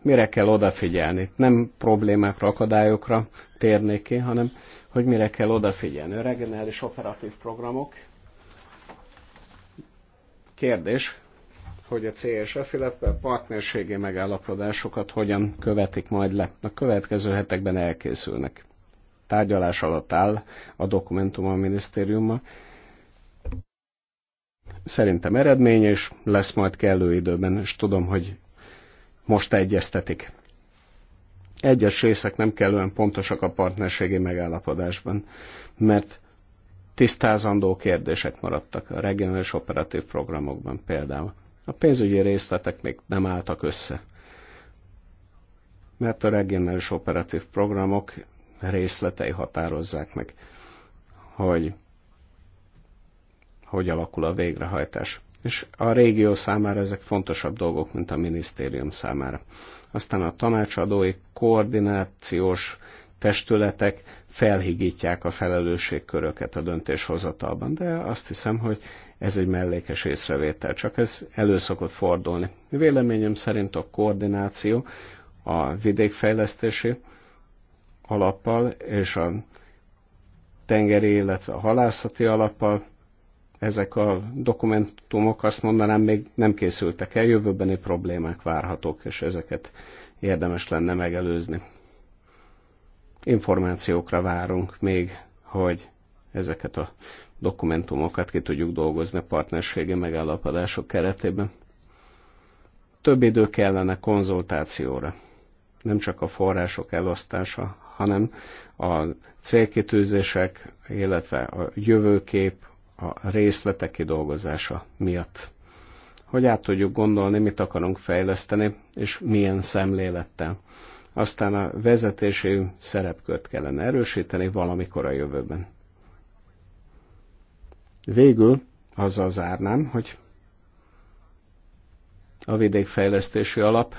S4: mire kell odafigyelni. Nem problémákra, akadályokra térnék ki, hanem hogy mire kell odafigyelni. A regionális operatív programok. Kérdés, hogy a CSF, illetve a partnerségi megállapodásokat hogyan követik majd le. A következő hetekben elkészülnek. Tárgyalás alatt áll a dokumentum a minisztériummal. Szerintem eredménye is lesz majd kellő időben, és tudom, hogy most egyeztetik. Egyes részek nem kellően pontosak a partnerségi megállapodásban, mert tisztázandó kérdések maradtak a regionális operatív programokban például. A pénzügyi részletek még nem álltak össze, mert a regionális operatív programok részletei határozzák meg, hogy hogy alakul a végrehajtás és a régió számára ezek fontosabb dolgok, mint a minisztérium számára. Aztán a tanácsadói koordinációs testületek felhigítják a felelősségköröket a döntéshozatalban, de azt hiszem, hogy ez egy mellékes észrevétel, csak ez elő szokott fordulni. Véleményem szerint a koordináció a vidékfejlesztési alappal és a tengeri, illetve a halászati alappal ezek a dokumentumok azt mondanám még nem készültek el, jövőbeni problémák várhatók, és ezeket érdemes lenne megelőzni. Információkra várunk még, hogy ezeket a dokumentumokat ki tudjuk dolgozni a partnerségi megállapodások keretében. Több idő kellene konzultációra. Nem csak a források elosztása, hanem a célkitűzések, illetve a jövőkép, a részletek kidolgozása miatt. Hogy át tudjuk gondolni, mit akarunk fejleszteni, és milyen szemlélettel. Aztán a vezetési szerepkört kellene erősíteni valamikor a jövőben. Végül azzal zárnám, hogy a vidékfejlesztési alap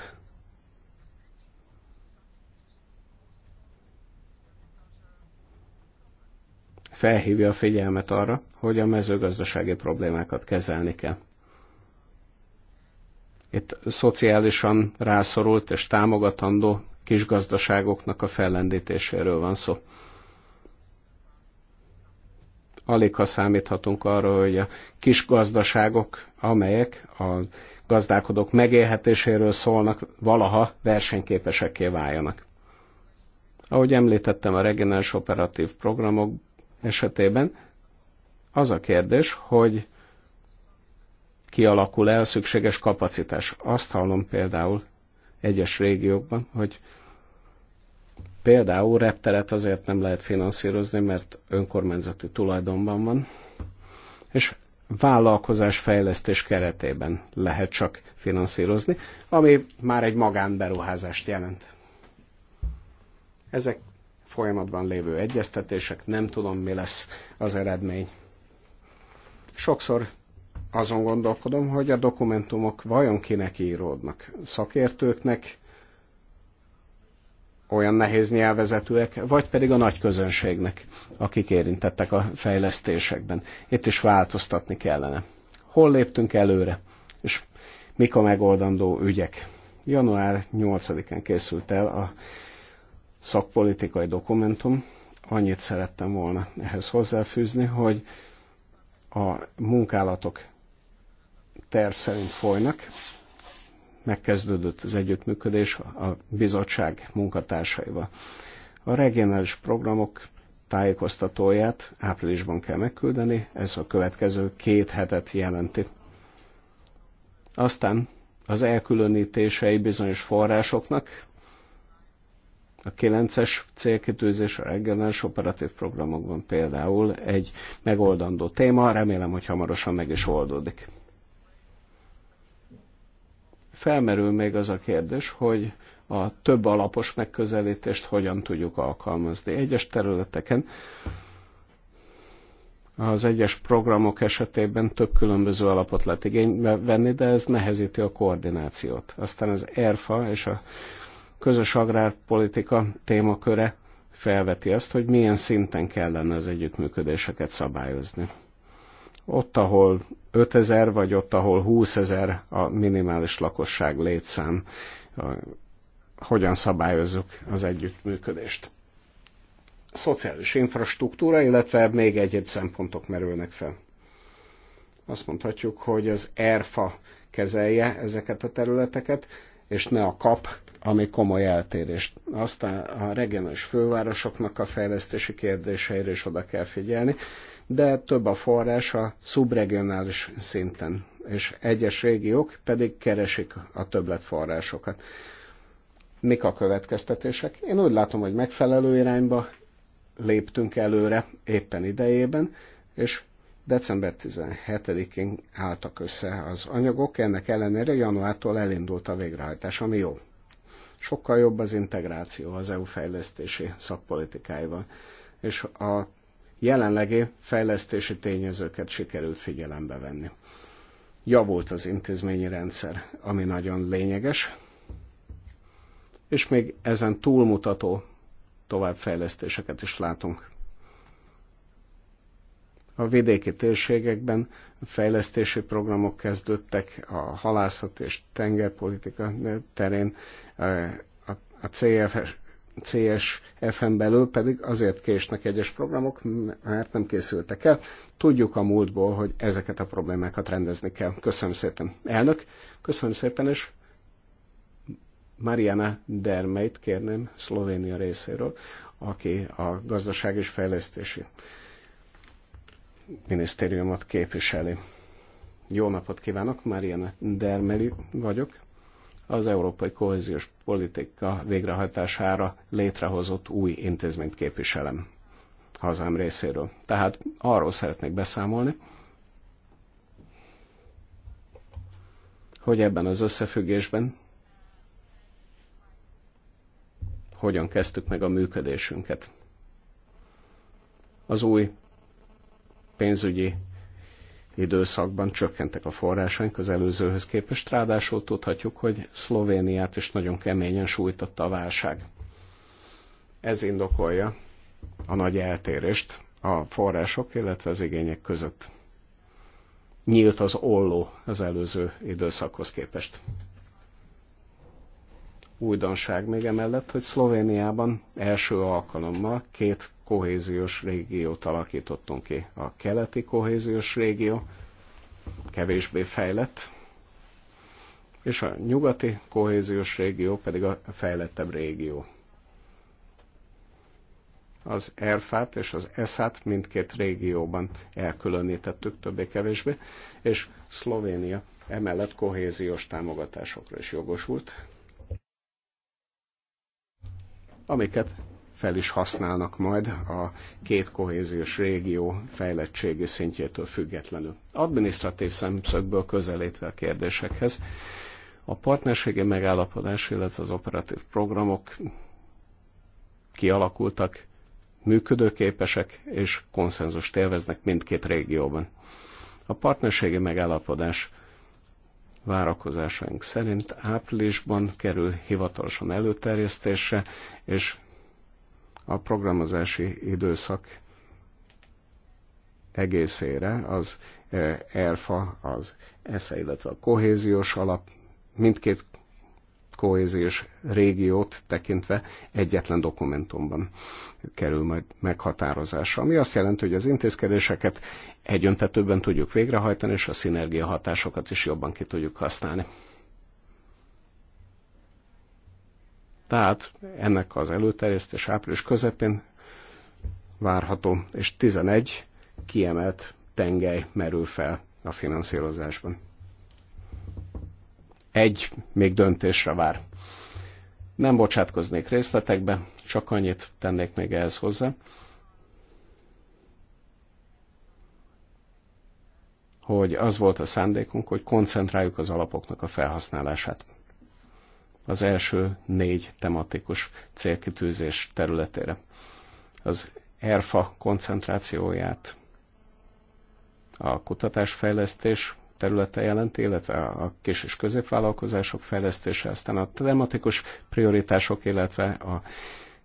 S4: felhívja a figyelmet arra, hogy a mezőgazdasági problémákat kezelni kell. Itt szociálisan rászorult és támogatandó kisgazdaságoknak a fellendítéséről van szó. Alig ha számíthatunk arra, hogy a kis gazdaságok, amelyek a gazdálkodók megélhetéséről szólnak, valaha versenyképesekké váljanak. Ahogy említettem, a regionális operatív programok esetében az a kérdés, hogy kialakul-e a szükséges kapacitás. Azt hallom például egyes régiókban, hogy például repteret azért nem lehet finanszírozni, mert önkormányzati tulajdonban van, és vállalkozás fejlesztés keretében lehet csak finanszírozni, ami már egy magánberuházást jelent. Ezek folyamatban lévő egyeztetések, nem tudom mi lesz az eredmény, Sokszor azon gondolkodom, hogy a dokumentumok vajon kinek íródnak. Szakértőknek, olyan nehéz nyelvezetűek, vagy pedig a nagy közönségnek, akik érintettek a fejlesztésekben. Itt is változtatni kellene. Hol léptünk előre, és mik a megoldandó ügyek? Január 8-án készült el a szakpolitikai dokumentum. Annyit szerettem volna ehhez hozzáfűzni, hogy a munkálatok terv szerint folynak. Megkezdődött az együttműködés a bizottság munkatársaival. A regionális programok tájékoztatóját áprilisban kell megküldeni, ez a következő két hetet jelenti. Aztán az elkülönítései bizonyos forrásoknak a 9-es célkitűzés a regionális operatív programokban például egy megoldandó téma, remélem, hogy hamarosan meg is oldódik. Felmerül még az a kérdés, hogy a több alapos megközelítést hogyan tudjuk alkalmazni. Egyes területeken az egyes programok esetében több különböző alapot lehet igénybe venni, de ez nehezíti a koordinációt. Aztán az ERFA és a közös agrárpolitika témaköre felveti azt, hogy milyen szinten kellene az együttműködéseket szabályozni. Ott, ahol 5000 vagy ott, ahol 20 ezer a minimális lakosság létszám, hogyan szabályozzuk az együttműködést. A szociális infrastruktúra, illetve még egyéb szempontok merülnek fel. Azt mondhatjuk, hogy az ERFA kezelje ezeket a területeket, és ne a kap, ami komoly eltérést. Aztán a regionális fővárosoknak a fejlesztési kérdéseire is oda kell figyelni, de több a forrás a szubregionális szinten, és egyes régiók pedig keresik a többletforrásokat. Mik a következtetések? Én úgy látom, hogy megfelelő irányba léptünk előre éppen idejében, és december 17-én álltak össze az anyagok, ennek ellenére januártól elindult a végrehajtás, ami jó sokkal jobb az integráció az EU fejlesztési szakpolitikáival, és a jelenlegi fejlesztési tényezőket sikerült figyelembe venni. Javult az intézményi rendszer, ami nagyon lényeges, és még ezen túlmutató továbbfejlesztéseket is látunk. A vidéki térségekben fejlesztési programok kezdődtek a halászat és tengerpolitika terén, a CFS, CSF-en belül pedig azért késnek egyes programok, mert nem készültek el. Tudjuk a múltból, hogy ezeket a problémákat rendezni kell. Köszönöm szépen. Elnök, köszönöm szépen, és Mariana Dermeit kérném Szlovénia részéről, aki a gazdaság és fejlesztési minisztériumot képviseli. Jó napot kívánok, Mariana Dermeli vagyok. Az Európai Kohéziós Politika végrehajtására létrehozott új intézményt képviselem hazám részéről. Tehát arról szeretnék beszámolni, hogy ebben az összefüggésben hogyan kezdtük meg a működésünket. Az új pénzügyi időszakban csökkentek a forrásaink az előzőhöz képest, ráadásul tudhatjuk, hogy Szlovéniát is nagyon keményen sújtotta a válság. Ez indokolja a nagy eltérést a források, illetve az igények között. Nyílt az olló az előző időszakhoz képest. Újdonság még emellett, hogy Szlovéniában első alkalommal két kohéziós régiót alakítottunk ki. A keleti kohéziós régió kevésbé fejlett, és a nyugati kohéziós régió pedig a fejlettebb régió. Az Erfát és az Eszát mindkét régióban elkülönítettük többé-kevésbé, és Szlovénia emellett kohéziós támogatásokra is jogosult, amiket fel is használnak majd a két kohéziós régió fejlettségi szintjétől függetlenül. Adminisztratív szemszögből közelítve a kérdésekhez, a partnerségi megállapodás, illetve az operatív programok kialakultak, működőképesek és konszenzust élveznek mindkét régióban. A partnerségi megállapodás várakozásaink szerint áprilisban kerül hivatalosan előterjesztésre, és a programozási időszak egészére az ERFA, az ESZE, illetve a kohéziós alap, mindkét kohéziós régiót tekintve egyetlen dokumentumban kerül majd meghatározásra. Ami azt jelenti, hogy az intézkedéseket egyöntetőbben tudjuk végrehajtani, és a szinergia hatásokat is jobban ki tudjuk használni. Tehát ennek az előterjesztés április közepén várható, és 11 kiemelt tengely merül fel a finanszírozásban. Egy még döntésre vár. Nem bocsátkoznék részletekbe, csak annyit tennék még ehhez hozzá, hogy az volt a szándékunk, hogy koncentráljuk az alapoknak a felhasználását az első négy tematikus célkitűzés területére. Az ERFA koncentrációját a kutatásfejlesztés területe jelenti, illetve a kis és középvállalkozások fejlesztése, aztán a tematikus prioritások, illetve a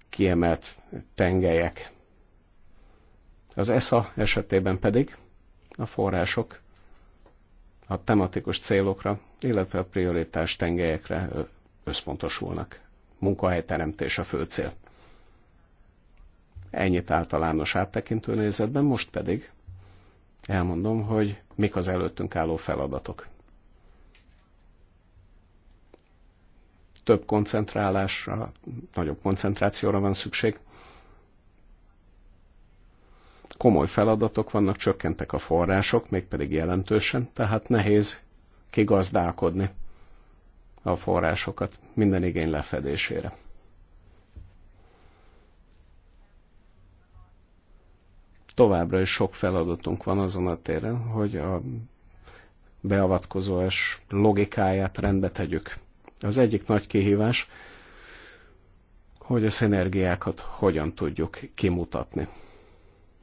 S4: kiemelt tengelyek. Az ESA esetében pedig a források a tematikus célokra, illetve a prioritás tengelyekre összpontosulnak. Munkahelyteremtés a fő cél. Ennyit általános áttekintő nézetben, most pedig elmondom, hogy mik az előttünk álló feladatok. Több koncentrálásra, nagyobb koncentrációra van szükség. Komoly feladatok vannak, csökkentek a források, mégpedig jelentősen, tehát nehéz kigazdálkodni a forrásokat minden igény lefedésére. Továbbra is sok feladatunk van azon a téren, hogy a beavatkozóes logikáját rendbe tegyük. Az egyik nagy kihívás, hogy a szinergiákat hogyan tudjuk kimutatni,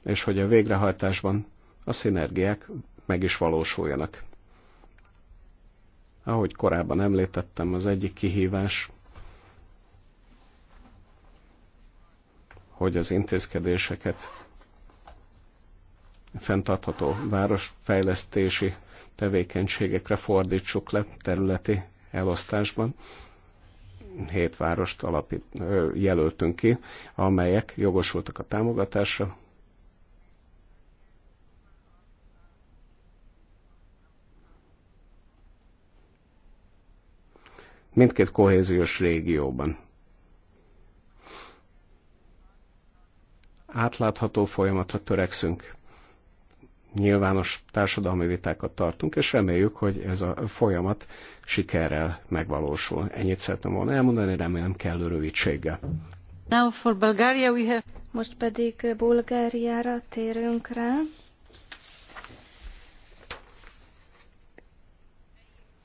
S4: és hogy a végrehajtásban a szinergiák meg is valósuljanak. Ahogy korábban említettem, az egyik kihívás, hogy az intézkedéseket fenntartható városfejlesztési tevékenységekre fordítsuk le területi elosztásban. Hét várost alapít, jelöltünk ki, amelyek jogosultak a támogatásra, mindkét kohéziós régióban. Átlátható folyamatra törekszünk. Nyilvános társadalmi vitákat tartunk, és reméljük, hogy ez a folyamat sikerrel megvalósul. Ennyit szeretném volna elmondani, remélem kellő rövidséggel.
S1: Now for Bulgaria we have... Most pedig Bulgáriára térünk rá.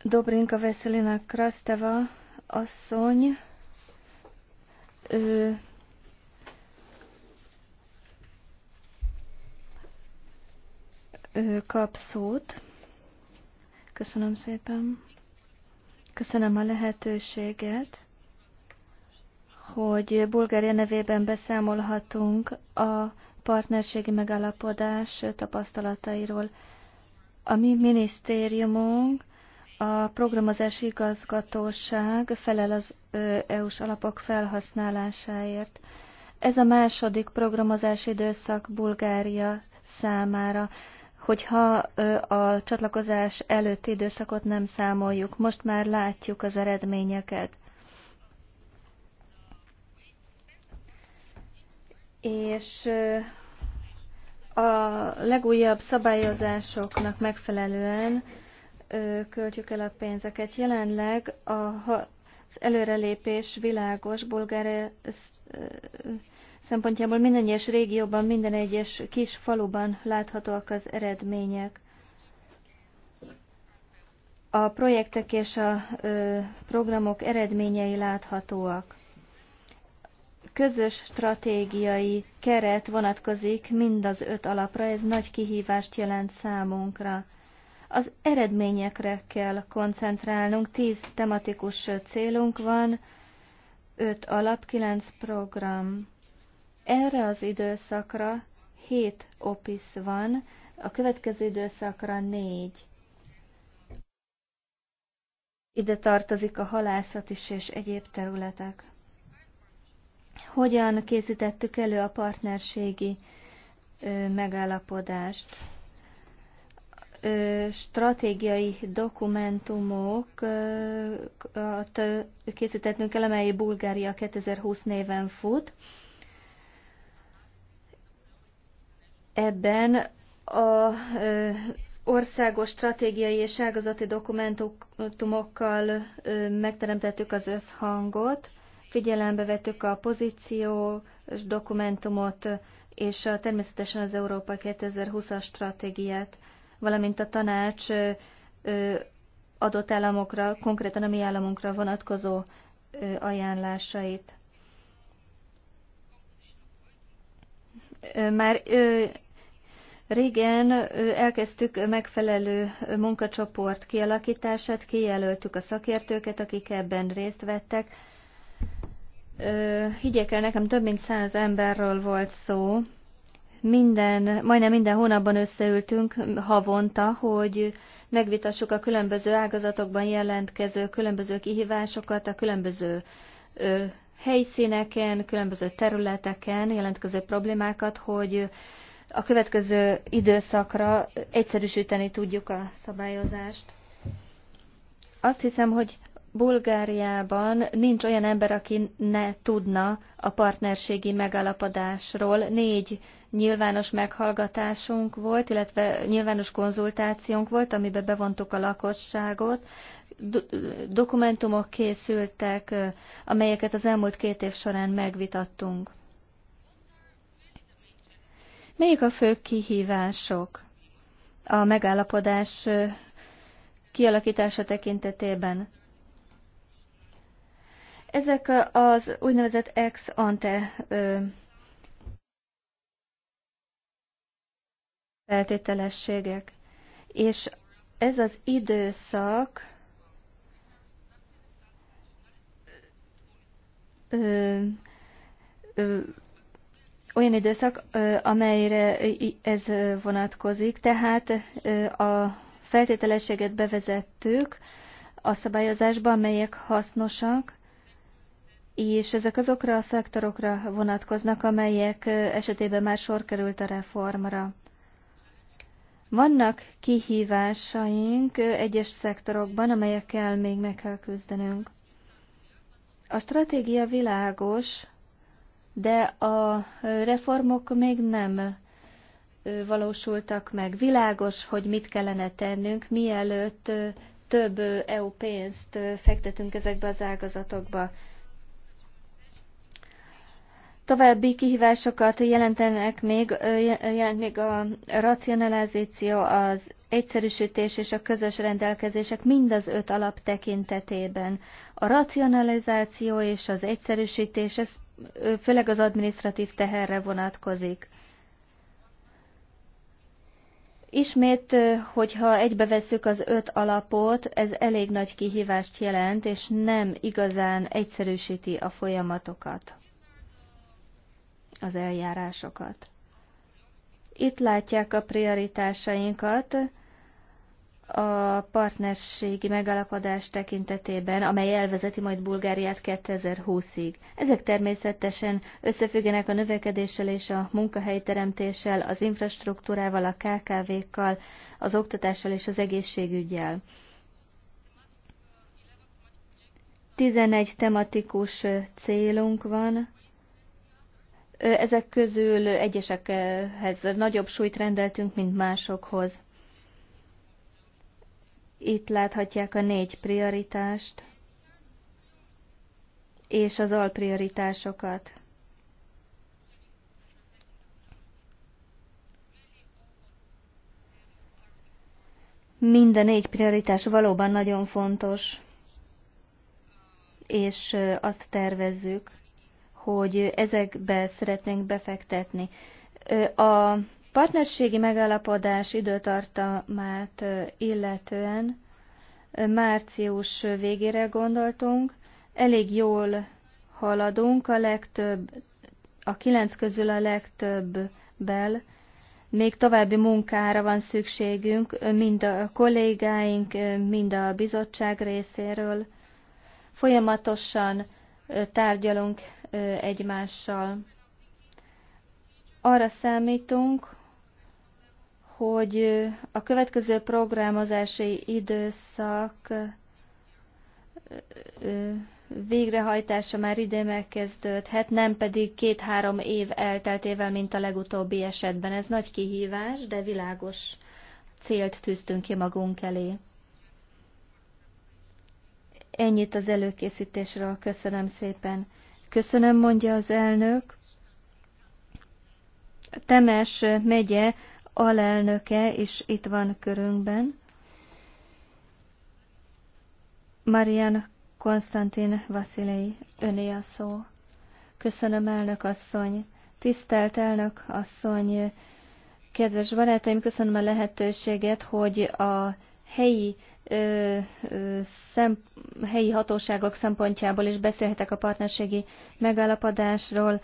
S3: Dobrinka Veszelina Krasteva asszony ő, ő kap szót. Köszönöm szépen. Köszönöm a lehetőséget, hogy Bulgária nevében beszámolhatunk a partnerségi megállapodás tapasztalatairól. A mi minisztériumunk a programozási igazgatóság felel az EU-s alapok felhasználásáért. Ez a második programozási időszak Bulgária számára, hogyha a csatlakozás előtti időszakot nem számoljuk. Most már látjuk az eredményeket. És a legújabb szabályozásoknak megfelelően költjük el a pénzeket. Jelenleg a, ha az előrelépés világos, Bulgária szempontjából minden egyes régióban, minden egyes kis faluban láthatóak az eredmények. A projektek és a programok eredményei láthatóak. Közös stratégiai keret vonatkozik mind az öt alapra, ez nagy kihívást jelent számunkra. Az eredményekre kell koncentrálnunk, tíz tematikus célunk van, öt alap, kilenc program. Erre az időszakra hét opisz van, a következő időszakra négy. Ide tartozik a halászat is és egyéb területek. Hogyan készítettük elő a partnerségi megállapodást? stratégiai dokumentumokat készítettünk el, amely Bulgária 2020 néven fut. Ebben a országos stratégiai és ágazati dokumentumokkal megteremtettük az összhangot, figyelembe vettük a pozíciós dokumentumot, és természetesen az Európa 2020-as stratégiát valamint a tanács adott államokra, konkrétan a mi államunkra vonatkozó ajánlásait. Már régen elkezdtük megfelelő munkacsoport kialakítását, kijelöltük a szakértőket, akik ebben részt vettek. Higgyék el, nekem több mint száz emberről volt szó, minden, majdnem minden hónapban összeültünk havonta, hogy megvitassuk a különböző ágazatokban jelentkező különböző kihívásokat, a különböző ö, helyszíneken, különböző területeken jelentkező problémákat, hogy a következő időszakra egyszerűsíteni tudjuk a szabályozást. Azt hiszem, hogy Bulgáriában nincs olyan ember, aki ne tudna a partnerségi megalapodásról. Négy nyilvános meghallgatásunk volt, illetve nyilvános konzultációnk volt, amiben bevontuk a lakosságot. Dokumentumok készültek, amelyeket az elmúlt két év során megvitattunk. Melyik a fő kihívások a megállapodás kialakítása tekintetében? Ezek az úgynevezett ex ante feltételességek. És ez az időszak ö, ö, olyan időszak, ö, amelyre ez vonatkozik, tehát ö, a feltételességet bevezettük a szabályozásba, amelyek hasznosak, és ezek azokra a szektorokra vonatkoznak, amelyek esetében már sor került a reformra. Vannak kihívásaink egyes szektorokban, amelyekkel még meg kell küzdenünk. A stratégia világos, de a reformok még nem valósultak meg. Világos, hogy mit kellene tennünk, mielőtt több EU pénzt fektetünk ezekbe az ágazatokba. További kihívásokat jelentenek még, jelent még a racionalizáció, az egyszerűsítés és a közös rendelkezések mind az öt alap tekintetében. A racionalizáció és az egyszerűsítés, ez főleg az administratív teherre vonatkozik. Ismét, hogyha egybevesszük az öt alapot, ez elég nagy kihívást jelent, és nem igazán egyszerűsíti a folyamatokat az eljárásokat. Itt látják a prioritásainkat a partnerségi megalapodás tekintetében, amely elvezeti majd Bulgáriát 2020-ig. Ezek természetesen összefüggenek a növekedéssel és a munkahelyteremtéssel, az infrastruktúrával, a KKV-kkal, az oktatással és az egészségügyel. 11 tematikus célunk van, ezek közül egyesekhez nagyobb súlyt rendeltünk, mint másokhoz. Itt láthatják a négy prioritást és az alprioritásokat. Mind a négy prioritás valóban nagyon fontos, és azt tervezzük, hogy ezekbe szeretnénk befektetni. A partnerségi megállapodás időtartamát illetően március végére gondoltunk, elég jól haladunk, a legtöbb, a kilenc közül a legtöbb bel, még további munkára van szükségünk, mind a kollégáink, mind a bizottság részéről. Folyamatosan tárgyalunk egymással. Arra számítunk, hogy a következő programozási időszak végrehajtása már idén megkezdődhet, nem pedig két-három év elteltével, mint a legutóbbi esetben. Ez nagy kihívás, de világos célt tűztünk ki magunk elé. Ennyit az előkészítésről. Köszönöm szépen. Köszönöm, mondja az elnök. Temes megye alelnöke is itt van körünkben. Marian Konstantin Vasilei, öné a szó. Köszönöm, elnök asszony. Tisztelt elnök asszony, kedves barátaim, köszönöm a lehetőséget, hogy a helyi, ö, ö, szem, helyi hatóságok szempontjából is beszélhetek a partnerségi megállapodásról.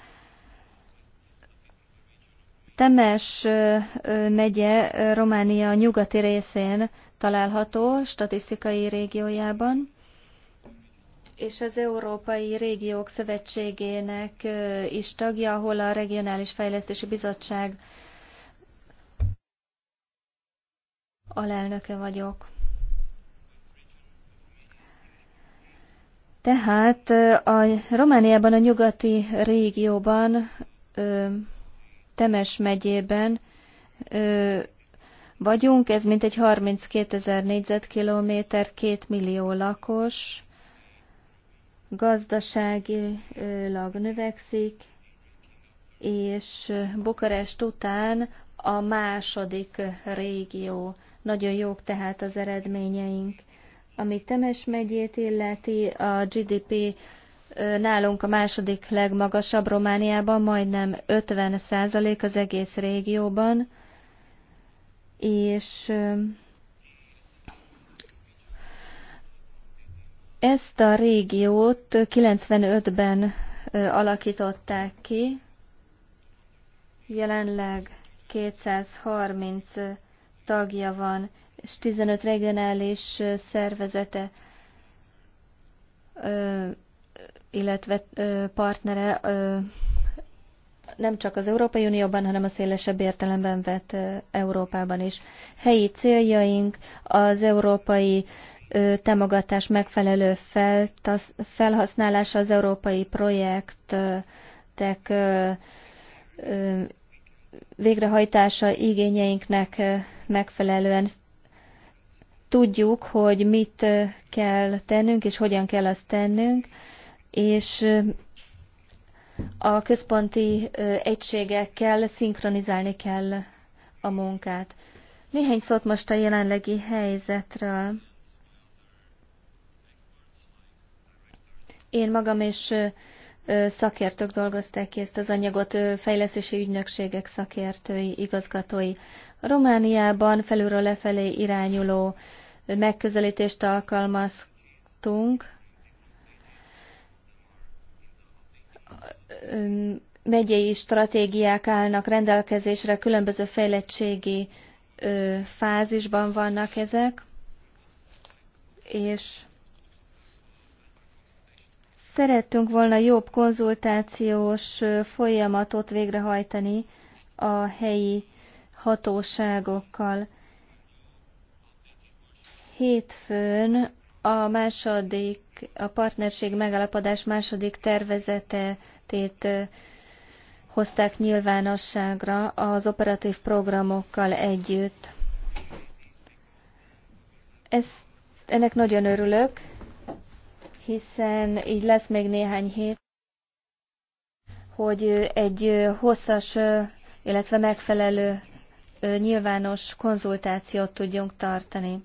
S3: Temes megye Románia nyugati részén található, statisztikai régiójában, és az Európai Régiók Szövetségének is tagja, ahol a Regionális Fejlesztési Bizottság alelnöke vagyok. Tehát a Romániában, a nyugati régióban, Temes megyében vagyunk, ez mintegy 32 ezer négyzetkilométer, 2 millió lakos, gazdaságilag növekszik, és Bukarest után a második régió nagyon jók tehát az eredményeink. Ami Temes megyét illeti, a GDP nálunk a második legmagasabb Romániában, majdnem 50 százalék az egész régióban, és ezt a régiót 95-ben alakították ki, jelenleg 230 tagja van, és 15 regionális szervezete, illetve partnere nem csak az Európai Unióban, hanem a szélesebb értelemben vett Európában is. Helyi céljaink az európai támogatás megfelelő felhasználása az európai projektek végrehajtása igényeinknek megfelelően tudjuk, hogy mit kell tennünk, és hogyan kell azt tennünk, és a központi egységekkel szinkronizálni kell a munkát. Néhány szót most a jelenlegi helyzetről. Én magam is szakértők dolgozták ki ezt az anyagot, fejlesztési ügynökségek szakértői, igazgatói. Romániában felülről lefelé irányuló megközelítést alkalmaztunk. Megyei stratégiák állnak rendelkezésre, különböző fejlettségi fázisban vannak ezek, és Szerettünk volna jobb konzultációs folyamatot végrehajtani a helyi hatóságokkal. Hétfőn a második, a partnerség megalapodás második tervezetét hozták nyilvánosságra az operatív programokkal együtt. Ezt, ennek nagyon örülök, hiszen így lesz még néhány hét, hogy egy hosszas, illetve megfelelő nyilvános konzultációt tudjunk tartani.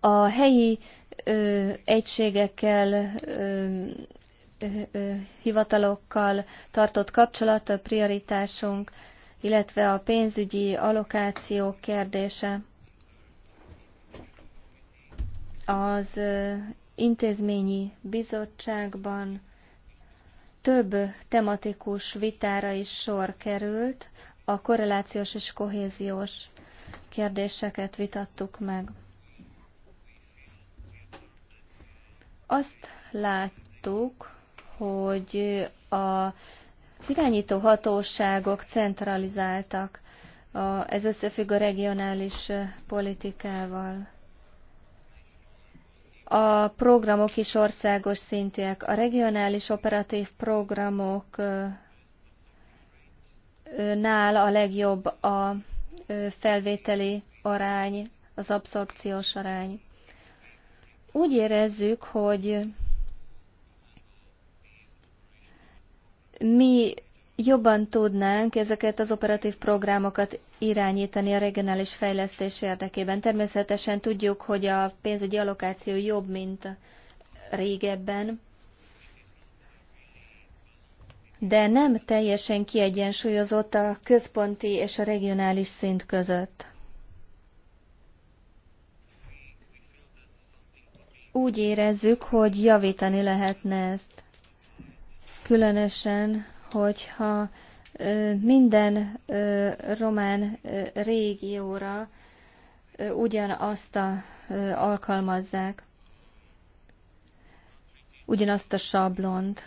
S3: A helyi ö, egységekkel, ö, ö, hivatalokkal tartott kapcsolat a prioritásunk, illetve a pénzügyi allokáció kérdése az intézményi bizottságban több tematikus vitára is sor került, a korrelációs és kohéziós kérdéseket vitattuk meg. Azt láttuk, hogy a irányító hatóságok centralizáltak. Ez összefügg a regionális politikával. A programok is országos szintűek. A regionális operatív programok nál a legjobb a felvételi arány, az abszorpciós arány. Úgy érezzük, hogy mi jobban tudnánk ezeket az operatív programokat irányítani a regionális fejlesztés érdekében. Természetesen tudjuk, hogy a pénzügyi allokáció jobb, mint régebben, de nem teljesen kiegyensúlyozott a központi és a regionális szint között. Úgy érezzük, hogy javítani lehetne ezt. Különösen hogyha minden román régióra ugyanazt a, alkalmazzák, ugyanazt a sablont.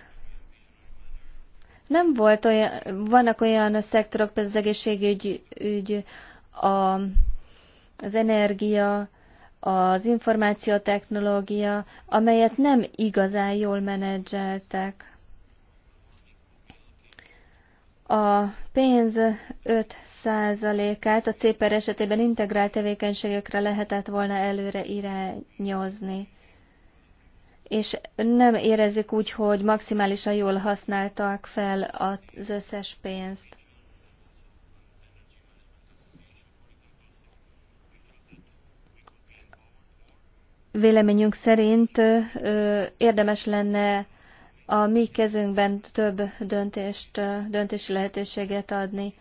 S3: Nem volt olyan, vannak olyan szektorok, például az egészségügy, ügy, a, az energia, az információtechnológia, amelyet nem igazán jól menedzseltek a pénz 5%-át a CPR esetében integrált tevékenységekre lehetett volna előre irányozni. És nem érezzük úgy, hogy maximálisan jól használták fel az összes pénzt. Véleményünk szerint érdemes lenne a mi kezünkben több döntést, döntési lehetőséget adni.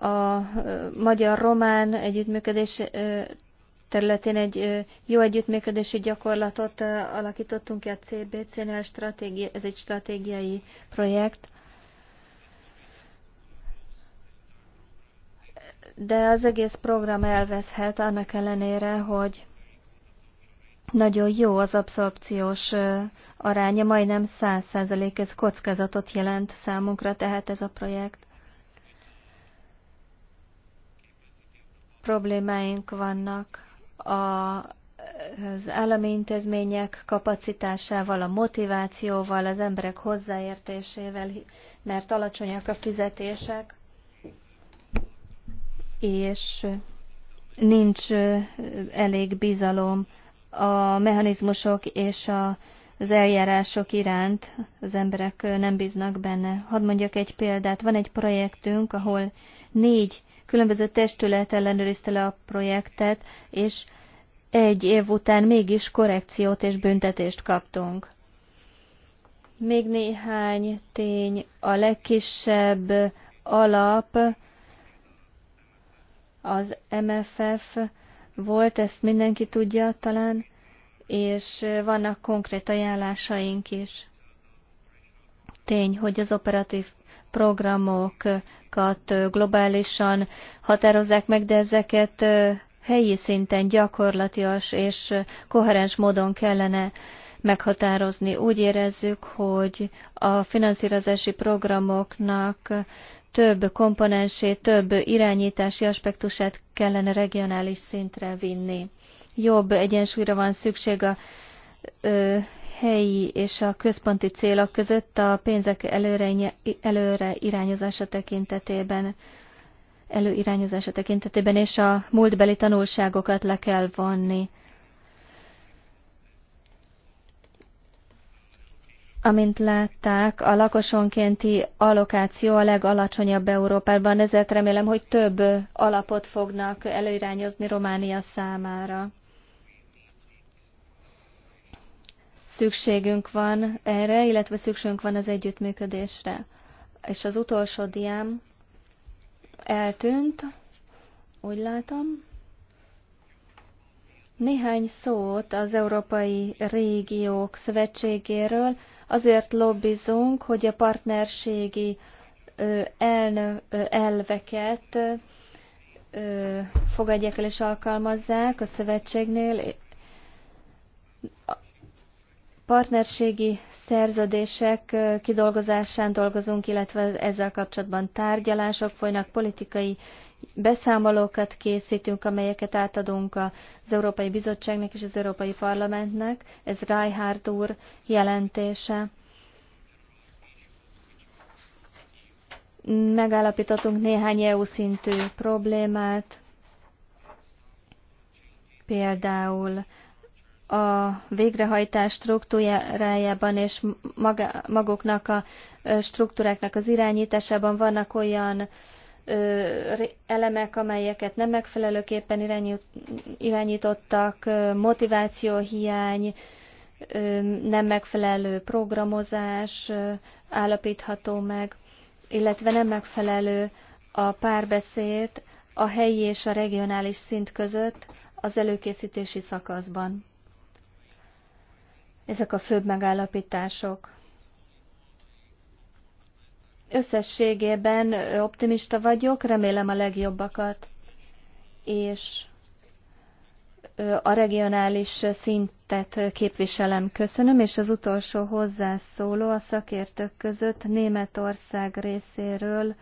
S3: A magyar-román együttműködés területén egy jó együttműködési gyakorlatot alakítottunk ki a CBC-nél, ez egy stratégiai projekt. De az egész program elveszhet annak ellenére, hogy nagyon jó az abszorpciós aránya, majdnem 100% ez kockázatot jelent számunkra, tehát ez a projekt. Problémáink vannak a, az állami intézmények kapacitásával, a motivációval, az emberek hozzáértésével, mert alacsonyak a fizetések, és nincs elég bizalom a mechanizmusok és a, az eljárások iránt az emberek nem bíznak benne. Hadd mondjak egy példát. Van egy projektünk, ahol négy különböző testület ellenőrizte le a projektet, és egy év után mégis korrekciót és büntetést kaptunk. Még néhány tény, a legkisebb alap az MFF volt, ezt mindenki tudja talán, és vannak konkrét ajánlásaink is. Tény, hogy az operatív programokat globálisan határozzák meg, de ezeket helyi szinten gyakorlatias és koherens módon kellene meghatározni. Úgy érezzük, hogy a finanszírozási programoknak több komponensét, több irányítási aspektusát kellene regionális szintre vinni. Jobb egyensúlyra van szükség a ö, helyi és a központi célok között a pénzek előre, előre irányozása tekintetében előirányozása tekintetében, és a múltbeli tanulságokat le kell vonni. Amint látták, a lakosonkénti allokáció a legalacsonyabb Európában, ezért remélem, hogy több alapot fognak előirányozni Románia számára. Szükségünk van erre, illetve szükségünk van az együttműködésre. És az utolsó diám eltűnt, úgy látom. Néhány szót az Európai Régiók Szövetségéről, Azért lobbizunk, hogy a partnerségi elveket fogadják el és alkalmazzák a szövetségnél. Partnerségi szerződések kidolgozásán dolgozunk, illetve ezzel kapcsolatban tárgyalások folynak, politikai beszámolókat készítünk, amelyeket átadunk az Európai Bizottságnak és az Európai Parlamentnek. Ez Reinhardt úr jelentése. Megállapítottunk néhány EU szintű problémát, például a végrehajtás struktúrájában és maga, maguknak a struktúráknak az irányításában vannak olyan elemek, amelyeket nem megfelelőképpen irányítottak, motivációhiány, nem megfelelő programozás állapítható meg, illetve nem megfelelő a párbeszéd a helyi és a regionális szint között az előkészítési szakaszban. Ezek a főbb megállapítások. Összességében optimista vagyok, remélem a legjobbakat, és a regionális szintet képviselem. Köszönöm, és az utolsó hozzászóló a szakértők között Németország részéről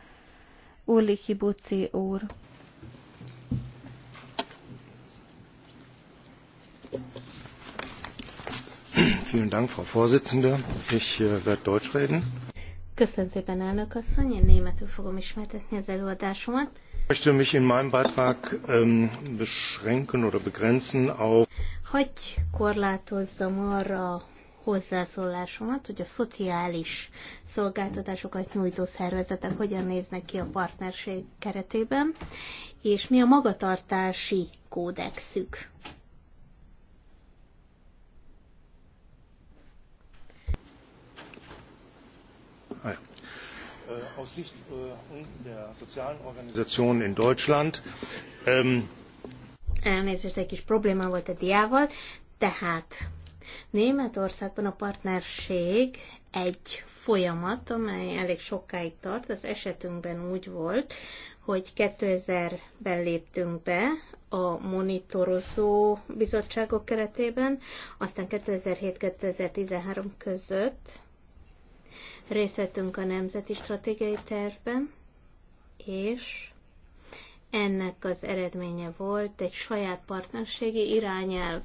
S3: Uli Hibuci úr.
S4: Vielen Dank, Frau Vorsitzende. Ich äh, werde Deutsch reden.
S2: Köszönöm szépen, elnök asszony, én németül fogom ismertetni az előadásomat.
S4: möchte mich in meinem Beitrag ähm, beschränken oder begrenzen
S2: auf... Hogy korlátozzam arra hozzászólásomat, hogy a szociális szolgáltatásokat nyújtó szervezetek hogyan néznek ki a partnerség keretében, és mi a magatartási kódexük.
S1: Äh, aus Sicht äh, der sozialen Organisationen in Deutschland. Ähm,
S2: Elnézést, egy kis probléma volt a diával. Tehát Németországban a partnerség egy folyamat, amely elég sokáig tart. Az esetünkben úgy volt, hogy 2000-ben léptünk be a monitorozó bizottságok keretében, aztán 2007-2013 között részt vettünk a Nemzeti Stratégiai Tervben, és ennek az eredménye volt egy saját partnerségi irányelv.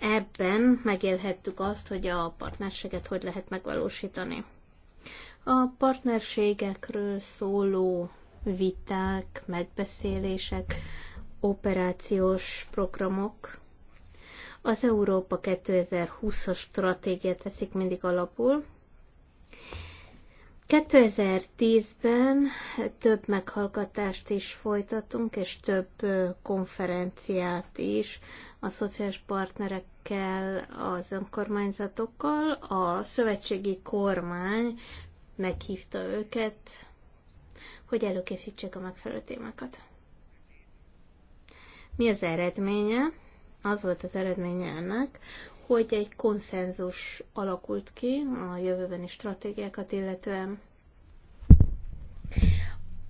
S2: Ebben megélhettük azt, hogy a partnerséget hogy lehet megvalósítani. A partnerségekről szóló viták, megbeszélések, operációs programok az Európa 2020-as stratégia teszik mindig alapul, 2010-ben több meghallgatást is folytatunk, és több konferenciát is a szociális partnerekkel, az önkormányzatokkal. A szövetségi kormány meghívta őket, hogy előkészítsék a megfelelő témákat. Mi az eredménye? Az volt az eredménye ennek, hogy egy konszenzus alakult ki a jövőbeni stratégiákat illetően.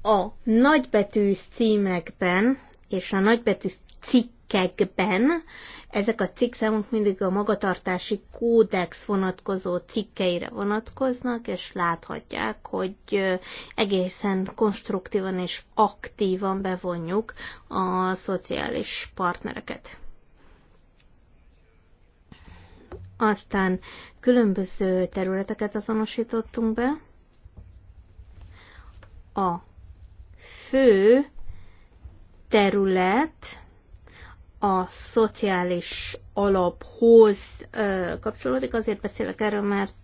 S2: A nagybetűs címekben és a nagybetűs cikkekben ezek a cikkszámok mindig a magatartási kódex vonatkozó cikkeire vonatkoznak, és láthatják, hogy egészen konstruktívan és aktívan bevonjuk a szociális partnereket. Aztán különböző területeket azonosítottunk be. A fő terület a szociális alaphoz kapcsolódik, azért beszélek erről, mert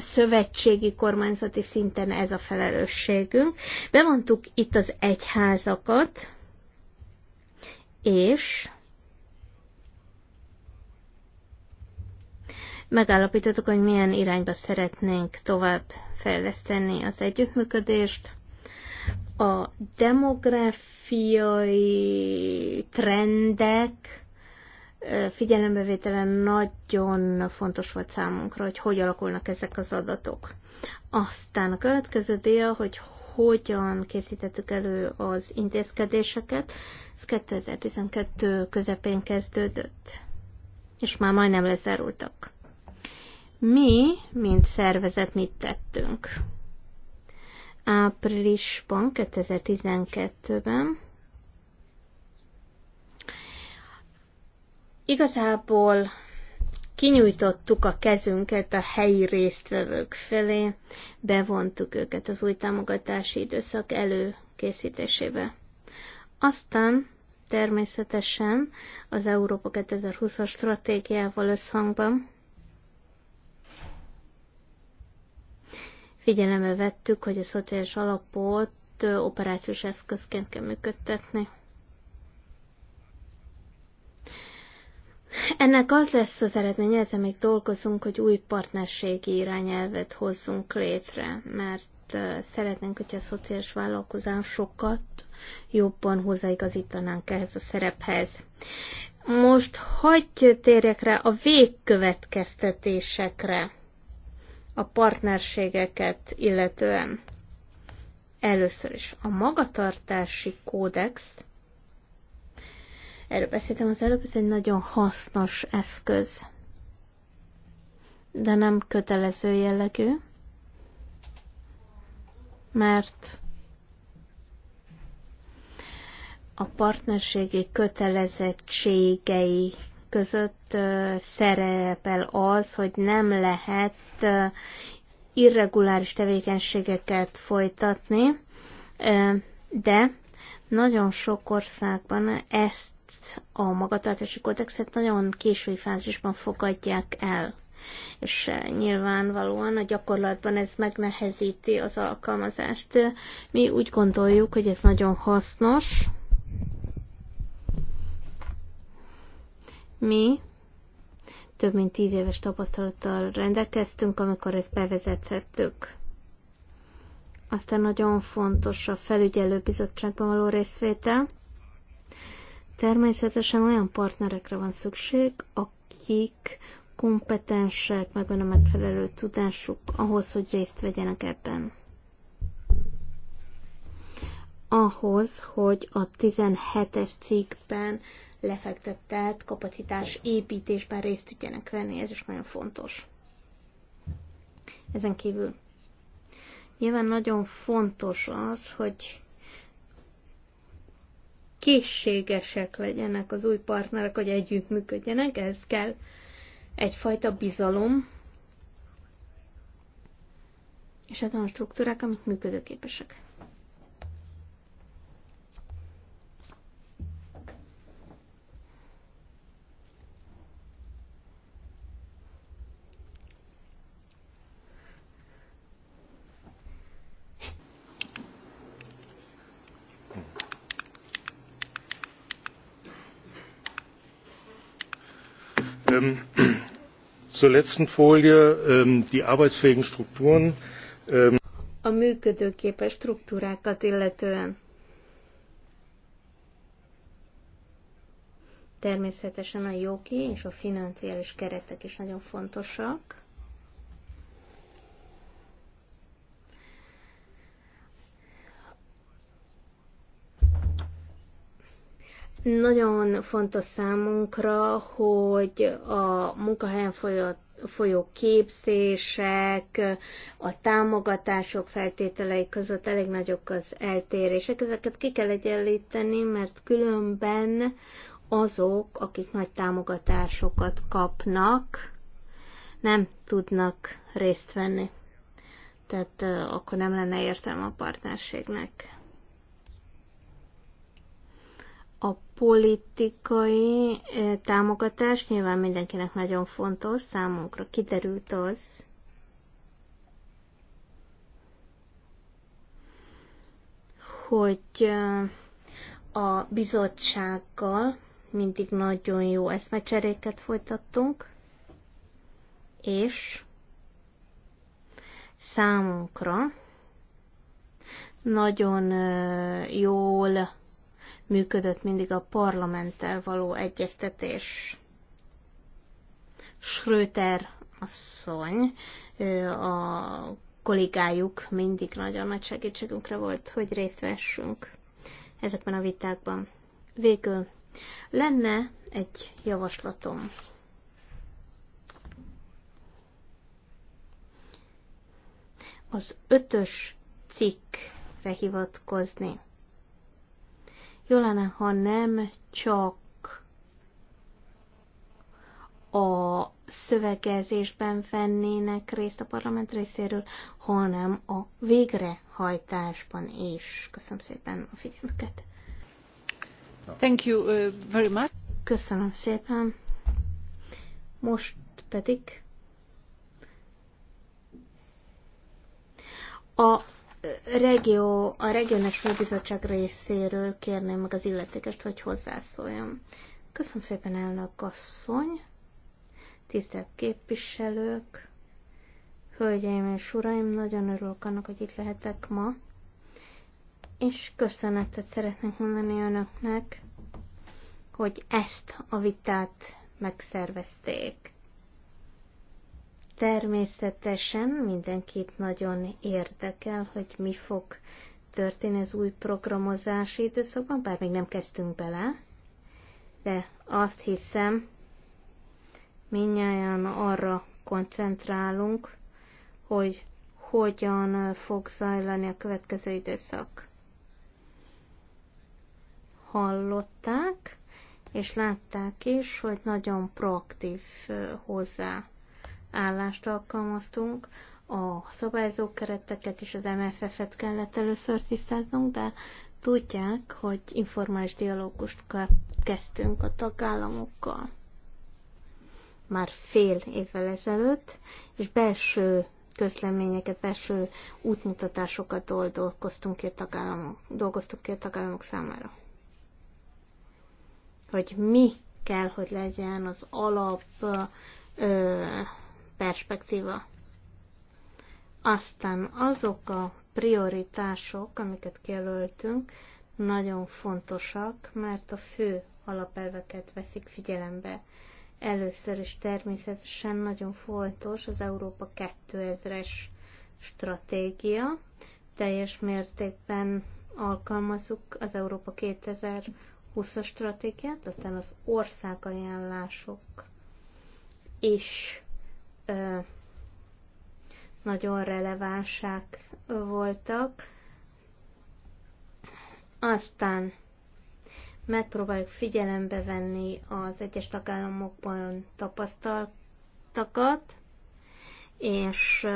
S2: szövetségi kormányzati szinten ez a felelősségünk. Bevontuk itt az egyházakat, és megállapítottuk, hogy milyen irányba szeretnénk tovább fejleszteni az együttműködést. A demográfiai trendek figyelembevételen nagyon fontos volt számunkra, hogy hogy alakulnak ezek az adatok. Aztán a következő dia, hogy hogyan készítettük elő az intézkedéseket, ez 2012 közepén kezdődött, és már majdnem lezárultak. Mi, mint szervezet, mit tettünk? Áprilisban, 2012-ben igazából kinyújtottuk a kezünket a helyi résztvevők felé, bevontuk őket az új támogatási időszak előkészítésébe. Aztán természetesen az Európa 2020-as stratégiával összhangban Figyelembe vettük, hogy a szociális alapot operációs eszközként kell működtetni. Ennek az lesz az eredménye, ezzel még dolgozunk, hogy új partnerségi irányelvet hozzunk létre, mert szeretnénk, hogy a szociális vállalkozásokat jobban hozzáigazítanánk ehhez a szerephez. Most hagyj térjek rá a végkövetkeztetésekre a partnerségeket illetően. Először is a magatartási kódex, erről beszéltem az előbb, ez egy nagyon hasznos eszköz, de nem kötelező jellegű, mert a partnerségi kötelezettségei között szerepel az, hogy nem lehet irreguláris tevékenységeket folytatni, de nagyon sok országban ezt a magatartási kódexet nagyon késői fázisban fogadják el. És nyilvánvalóan a gyakorlatban ez megnehezíti az alkalmazást. Mi úgy gondoljuk, hogy ez nagyon hasznos, Mi több mint tíz éves tapasztalattal rendelkeztünk, amikor ezt bevezethettük. Aztán nagyon fontos a felügyelőbizottságban való részvétel. Természetesen olyan partnerekre van szükség, akik kompetensek, meg a megfelelő tudásuk ahhoz, hogy részt vegyenek ebben. Ahhoz, hogy a 17-es cikkben lefektetett kapacitás építésben részt tudjanak venni, ez is nagyon fontos. Ezen kívül nyilván nagyon fontos az, hogy készségesek legyenek az új partnerek, hogy együttműködjenek, ez kell egyfajta bizalom, és hát a struktúrák, amik működőképesek.
S4: Ähm, zur letzten Folie, ähm, die arbeitsfähigen Strukturen. Ähm,
S2: a működőképes struktúrákat illetően. Természetesen a jogi és a financiális keretek is nagyon fontosak. Nagyon fontos számunkra, hogy a munkahelyen folyott folyó képzések, a támogatások feltételei között elég nagyok az eltérések. Ezeket ki kell egyenlíteni, mert különben azok, akik nagy támogatásokat kapnak, nem tudnak részt venni. Tehát akkor nem lenne értelme a partnerségnek. A politikai támogatás nyilván mindenkinek nagyon fontos, számunkra kiderült az, hogy a bizottsággal mindig nagyon jó eszmecseréket folytattunk, és számunkra nagyon jól működött mindig a parlamenttel való egyeztetés. Schröter asszony, a kollégájuk mindig nagyon nagy segítségünkre volt, hogy részt vessünk ezekben a vitákban. Végül lenne egy javaslatom. Az ötös cikkre hivatkozni. Jó lenne, ha nem csak a szövegezésben vennének részt a parlament részéről, hanem a végrehajtásban is. Köszönöm szépen a figyelmüket.
S1: Thank you uh, very much.
S2: Köszönöm szépen. Most pedig a regió, a regionális főbizottság részéről kérném meg az illetékest, hogy hozzászóljon. Köszönöm szépen, elnök asszony, tisztelt képviselők, hölgyeim és uraim, nagyon örülök annak, hogy itt lehetek ma, és köszönetet szeretnék mondani önöknek, hogy ezt a vitát megszervezték. Természetesen mindenkit nagyon érdekel, hogy mi fog történni az új programozási időszakban, bár még nem kezdtünk bele, de azt hiszem, minnyáján arra koncentrálunk, hogy hogyan fog zajlani a következő időszak. Hallották, és látták is, hogy nagyon proaktív hozzá állást alkalmaztunk, a szabályzó kereteket és az MFF-et kellett először tisztáznunk, de tudják, hogy informális dialógust kezdtünk a tagállamokkal már fél évvel ezelőtt, és belső közleményeket, belső útmutatásokat dolgoztunk ki a tagállamok, dolgoztuk ki a tagállamok számára. Hogy mi kell, hogy legyen az alap ö, perspektíva. Aztán azok a prioritások, amiket kijelöltünk, nagyon fontosak, mert a fő alapelveket veszik figyelembe. Először is természetesen nagyon fontos az Európa 2000-es stratégia. Teljes mértékben alkalmazzuk az Európa 2020-as stratégiát, aztán az országajánlások is nagyon relevánsák voltak. Aztán megpróbáljuk figyelembe venni az egyes tagállamokban tapasztaltakat, és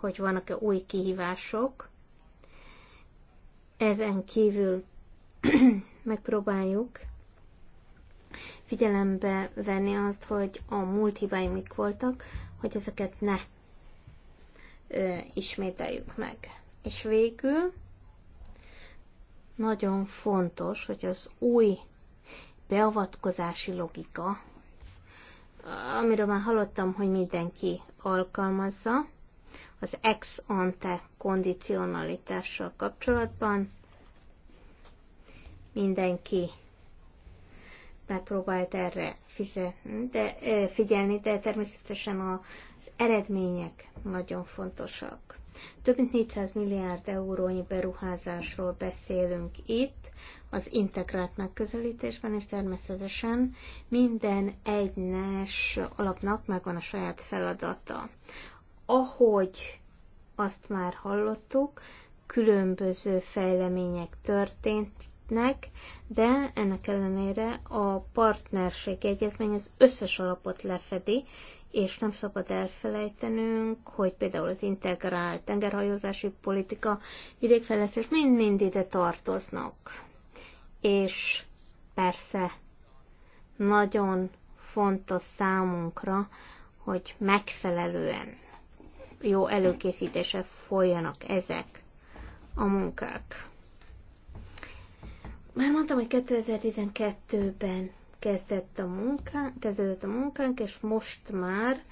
S2: hogy vannak-e új kihívások. Ezen kívül [clears throat] megpróbáljuk figyelembe venni azt, hogy a múlt hibáim mik voltak, hogy ezeket ne ö, ismételjük meg. És végül nagyon fontos, hogy az új beavatkozási logika, amiről már hallottam, hogy mindenki alkalmazza, az ex ante kondicionalitással kapcsolatban mindenki megpróbált erre fizetni, de, figyelni, de természetesen az eredmények nagyon fontosak. Több mint 400 milliárd eurónyi beruházásról beszélünk itt, az integrált megközelítésben, és természetesen minden egyes alapnak megvan a saját feladata. Ahogy azt már hallottuk, különböző fejlemények történt, lehetnek, de ennek ellenére a partnerség egyezmény az összes alapot lefedi, és nem szabad elfelejtenünk, hogy például az integrált tengerhajózási politika, vidékfejlesztés mind-mind ide tartoznak. És persze nagyon fontos számunkra, hogy megfelelően jó előkészítése folyanak ezek a munkák. Már mondtam, hogy 2012-ben kezdett a munkánk, kezdődött a munkánk, és most már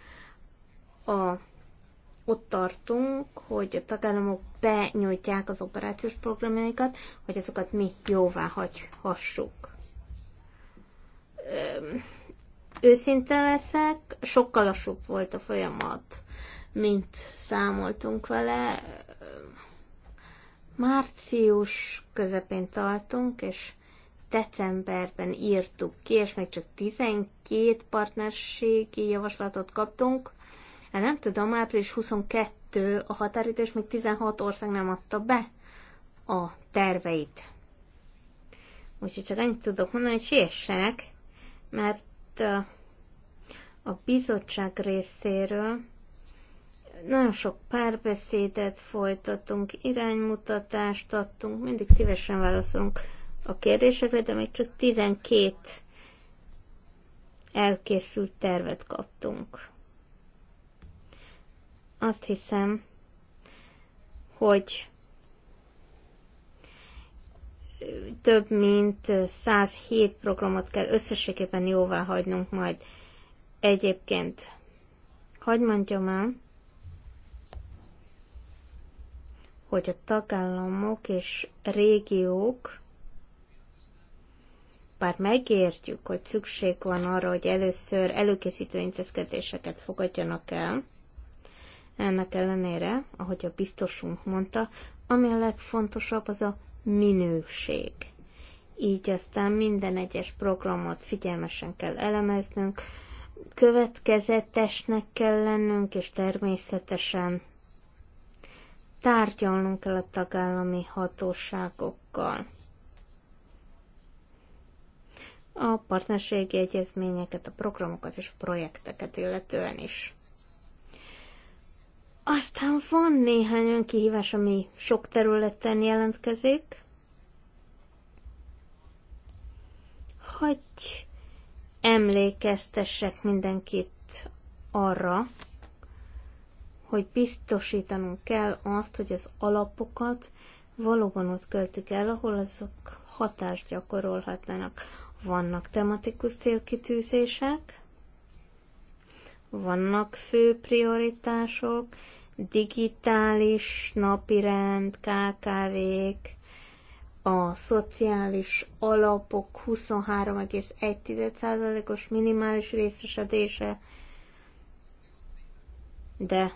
S2: a, ott tartunk, hogy a tagállamok benyújtják az operációs programjaikat, hogy azokat mi jóvá hagyhassuk. őszinte leszek, sokkal lassúbb volt a folyamat, mint számoltunk vele. Március közepén tartunk, és decemberben írtuk ki, és még csak 12 partnerségi javaslatot kaptunk. Hát nem tudom, április 22 a határidő, és még 16 ország nem adta be a terveit. Úgyhogy csak ennyit tudok mondani, hogy siessenek, mert a bizottság részéről nagyon sok párbeszédet folytatunk, iránymutatást adtunk, mindig szívesen válaszolunk a kérdésekre, de még csak 12 elkészült tervet kaptunk. Azt hiszem, hogy több mint 107 programot kell összességében jóvá hagynunk majd. Egyébként, hagyd mondjam el, hogy a tagállamok és régiók, bár megértjük, hogy szükség van arra, hogy először előkészítő intézkedéseket fogadjanak el, ennek ellenére, ahogy a biztosunk mondta, ami a legfontosabb, az a minőség. Így aztán minden egyes programot figyelmesen kell elemeznünk, következetesnek kell lennünk, és természetesen tárgyalnunk kell a tagállami hatóságokkal. A partnerségi egyezményeket, a programokat és a projekteket illetően is. Aztán van néhány olyan kihívás, ami sok területen jelentkezik. Hogy emlékeztessek mindenkit arra, hogy biztosítanunk kell azt, hogy az alapokat valóban ott költik el, ahol azok hatást gyakorolhatnak. Vannak tematikus célkitűzések, vannak fő prioritások, digitális napirend, KKV-k, a szociális alapok 23,1%-os minimális részesedése, de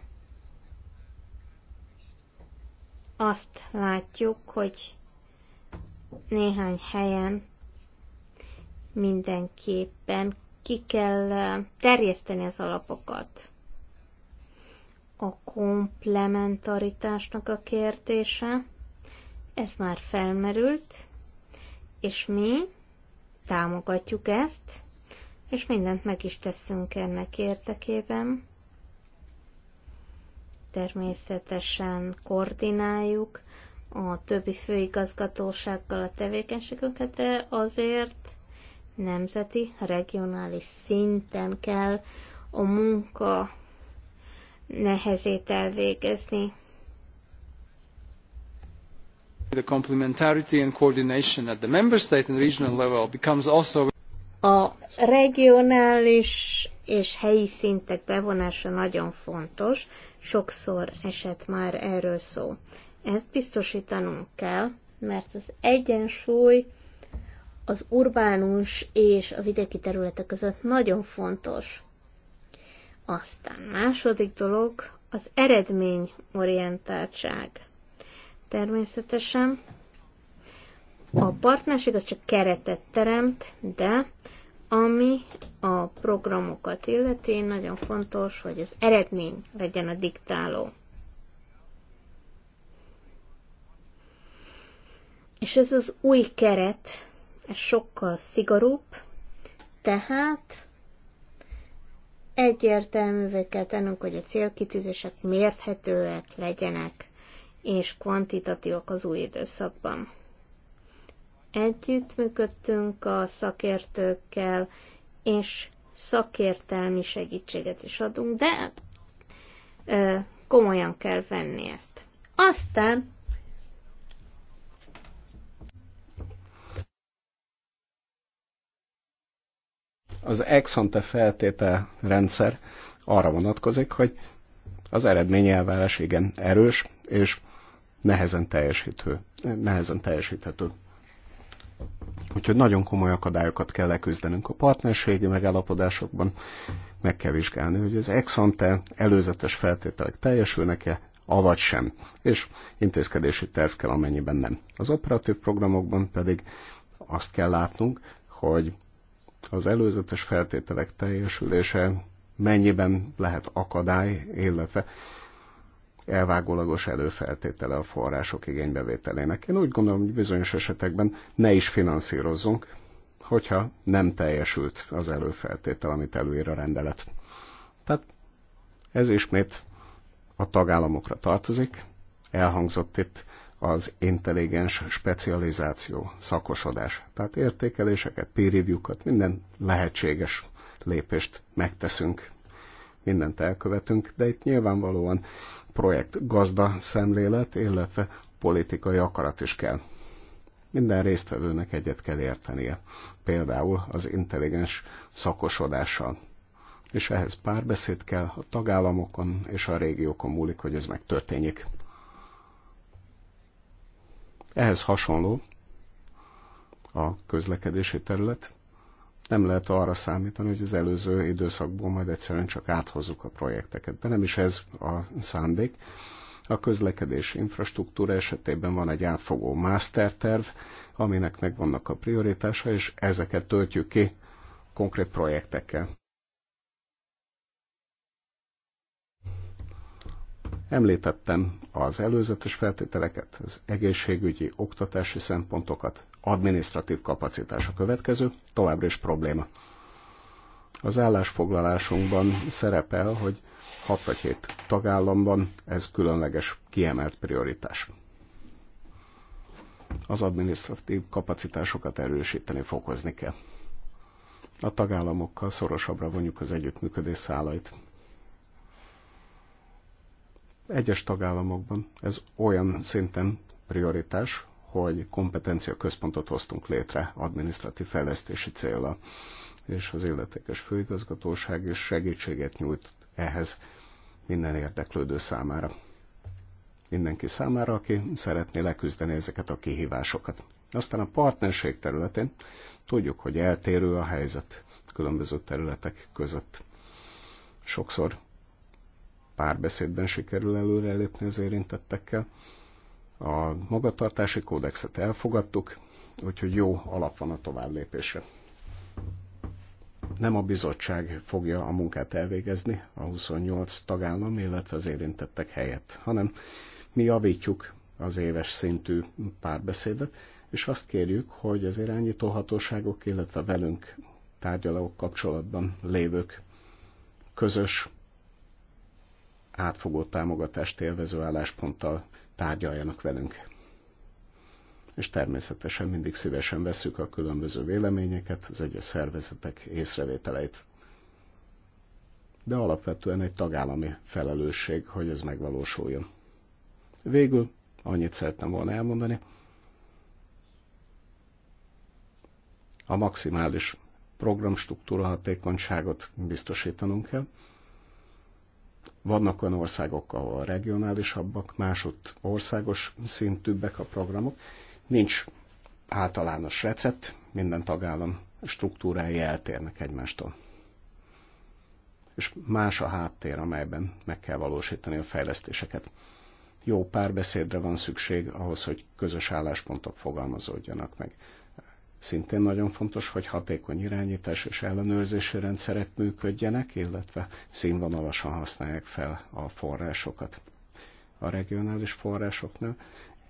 S2: azt látjuk, hogy néhány helyen mindenképpen ki kell terjeszteni az alapokat. A komplementaritásnak a kérdése, ez már felmerült, és mi támogatjuk ezt, és mindent meg is teszünk ennek érdekében, természetesen koordináljuk a többi főigazgatósággal a tevékenységünket, de azért nemzeti, regionális szinten kell a munka nehezét elvégezni.
S4: The complementarity and coordination at the member state and regional level becomes also
S2: a regionális és helyi szintek bevonása nagyon fontos, sokszor esett már erről szó. Ezt biztosítanunk kell, mert az egyensúly az urbánus és a vidéki területek között nagyon fontos. Aztán második dolog az eredményorientáltság. Természetesen a partnerség az csak keretet teremt, de ami a programokat illeti, nagyon fontos, hogy az eredmény legyen a diktáló. És ez az új keret, ez sokkal szigorúbb, tehát egyértelművé kell tennünk, hogy a célkitűzések mérthetőek legyenek, és kvantitatívak az új időszakban. Együttműködtünk a szakértőkkel, és szakértelmi segítséget is adunk, de ö, komolyan kell venni ezt. Aztán
S4: az ex ante feltétel rendszer arra vonatkozik, hogy az eredmény elvárás igen erős és nehezen teljesítő, nehezen teljesíthető. Úgyhogy nagyon komoly akadályokat kell leküzdenünk a partnerségi megállapodásokban. Meg kell vizsgálni, hogy az ex ante előzetes feltételek teljesülnek-e, avagy sem. És intézkedési terv kell, amennyiben nem. Az operatív programokban pedig azt kell látnunk, hogy az előzetes feltételek teljesülése mennyiben lehet akadály, illetve elvágólagos előfeltétele a források igénybevételének. Én úgy gondolom, hogy bizonyos esetekben ne is finanszírozzunk, hogyha nem teljesült az előfeltétel, amit előír a rendelet. Tehát ez ismét a tagállamokra tartozik. Elhangzott itt az intelligens specializáció, szakosodás. Tehát értékeléseket, peer review-kat, minden lehetséges lépést megteszünk, mindent elkövetünk, de itt nyilvánvalóan projekt gazda szemlélet, illetve politikai akarat is kell. Minden résztvevőnek egyet kell értenie, például az intelligens szakosodással. És ehhez párbeszéd kell a tagállamokon és a régiókon múlik, hogy ez megtörténjék. Ehhez hasonló a közlekedési terület, nem lehet arra számítani, hogy az előző időszakból majd egyszerűen csak áthozzuk a projekteket. De nem is ez a szándék. A közlekedési infrastruktúra esetében van egy átfogó masterterv, aminek megvannak a prioritása, és ezeket töltjük ki konkrét projektekkel. Említettem az előzetes feltételeket, az egészségügyi, oktatási szempontokat, administratív kapacitás a következő, továbbra is probléma. Az állásfoglalásunkban szerepel, hogy 6 vagy 7 tagállamban ez különleges kiemelt prioritás. Az administratív kapacitásokat erősíteni, fokozni kell. A tagállamokkal szorosabbra vonjuk az együttműködés szálait. Egyes tagállamokban ez olyan szinten prioritás, hogy kompetencia központot hoztunk létre adminisztratív fejlesztési célra, és az illetékes főigazgatóság is segítséget nyújt ehhez minden érdeklődő számára. Mindenki számára, aki szeretné leküzdeni ezeket a kihívásokat. Aztán a partnerség területén tudjuk, hogy eltérő a helyzet különböző területek között. Sokszor párbeszédben sikerül előrelépni az érintettekkel, a magatartási kódexet elfogadtuk, úgyhogy jó alap van a tovább lépésre. Nem a bizottság fogja a munkát elvégezni a 28 tagállam, illetve az érintettek helyett, hanem mi javítjuk az éves szintű párbeszédet, és azt kérjük, hogy az irányítóhatóságok, illetve velünk tárgyalók kapcsolatban lévők közös átfogó támogatást élvező állásponttal tárgyaljanak velünk. És természetesen mindig szívesen veszük a különböző véleményeket, az egyes szervezetek észrevételeit. De alapvetően egy tagállami felelősség, hogy ez megvalósuljon. Végül annyit szerettem volna elmondani. A maximális programstruktúra hatékonyságot biztosítanunk kell, vannak olyan országok, ahol regionálisabbak, másutt országos szintűbbek a programok. Nincs általános recept, minden tagállam struktúrái eltérnek egymástól. És más a háttér, amelyben meg kell valósítani a fejlesztéseket. Jó párbeszédre van szükség ahhoz, hogy közös álláspontok fogalmazódjanak meg szintén nagyon fontos, hogy hatékony irányítás és ellenőrzési rendszerek működjenek, illetve színvonalasan használják fel a forrásokat. A regionális forrásoknál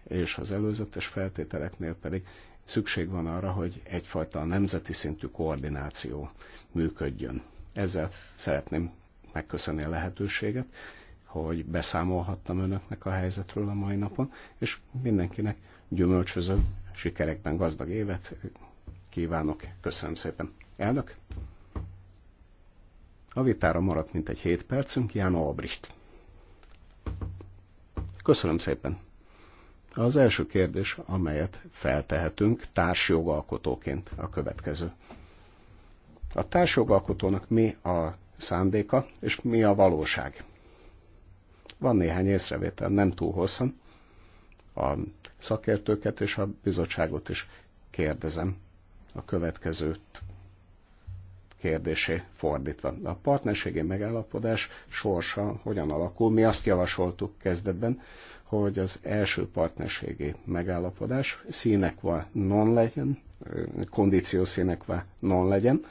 S4: és az előzetes feltételeknél pedig szükség van arra, hogy egyfajta nemzeti szintű koordináció működjön. Ezzel szeretném megköszönni a lehetőséget, hogy beszámolhattam önöknek a helyzetről a mai napon, és mindenkinek gyümölcsöző sikerekben gazdag évet kívánok. Köszönöm szépen. Elnök? A vitára maradt mint egy 7 percünk, Ján Albrist. Köszönöm szépen. Az első kérdés, amelyet feltehetünk társjogalkotóként a következő. A társjogalkotónak mi a szándéka, és mi a valóság? Van néhány észrevétel, nem túl hosszan. A szakértőket és a bizottságot is kérdezem a következőt kérdésé fordítva. A partnerségi megállapodás sorsa hogyan alakul? Mi azt javasoltuk kezdetben, hogy az első partnerségi megállapodás színekva non legyen, kondíció színekva non legyen.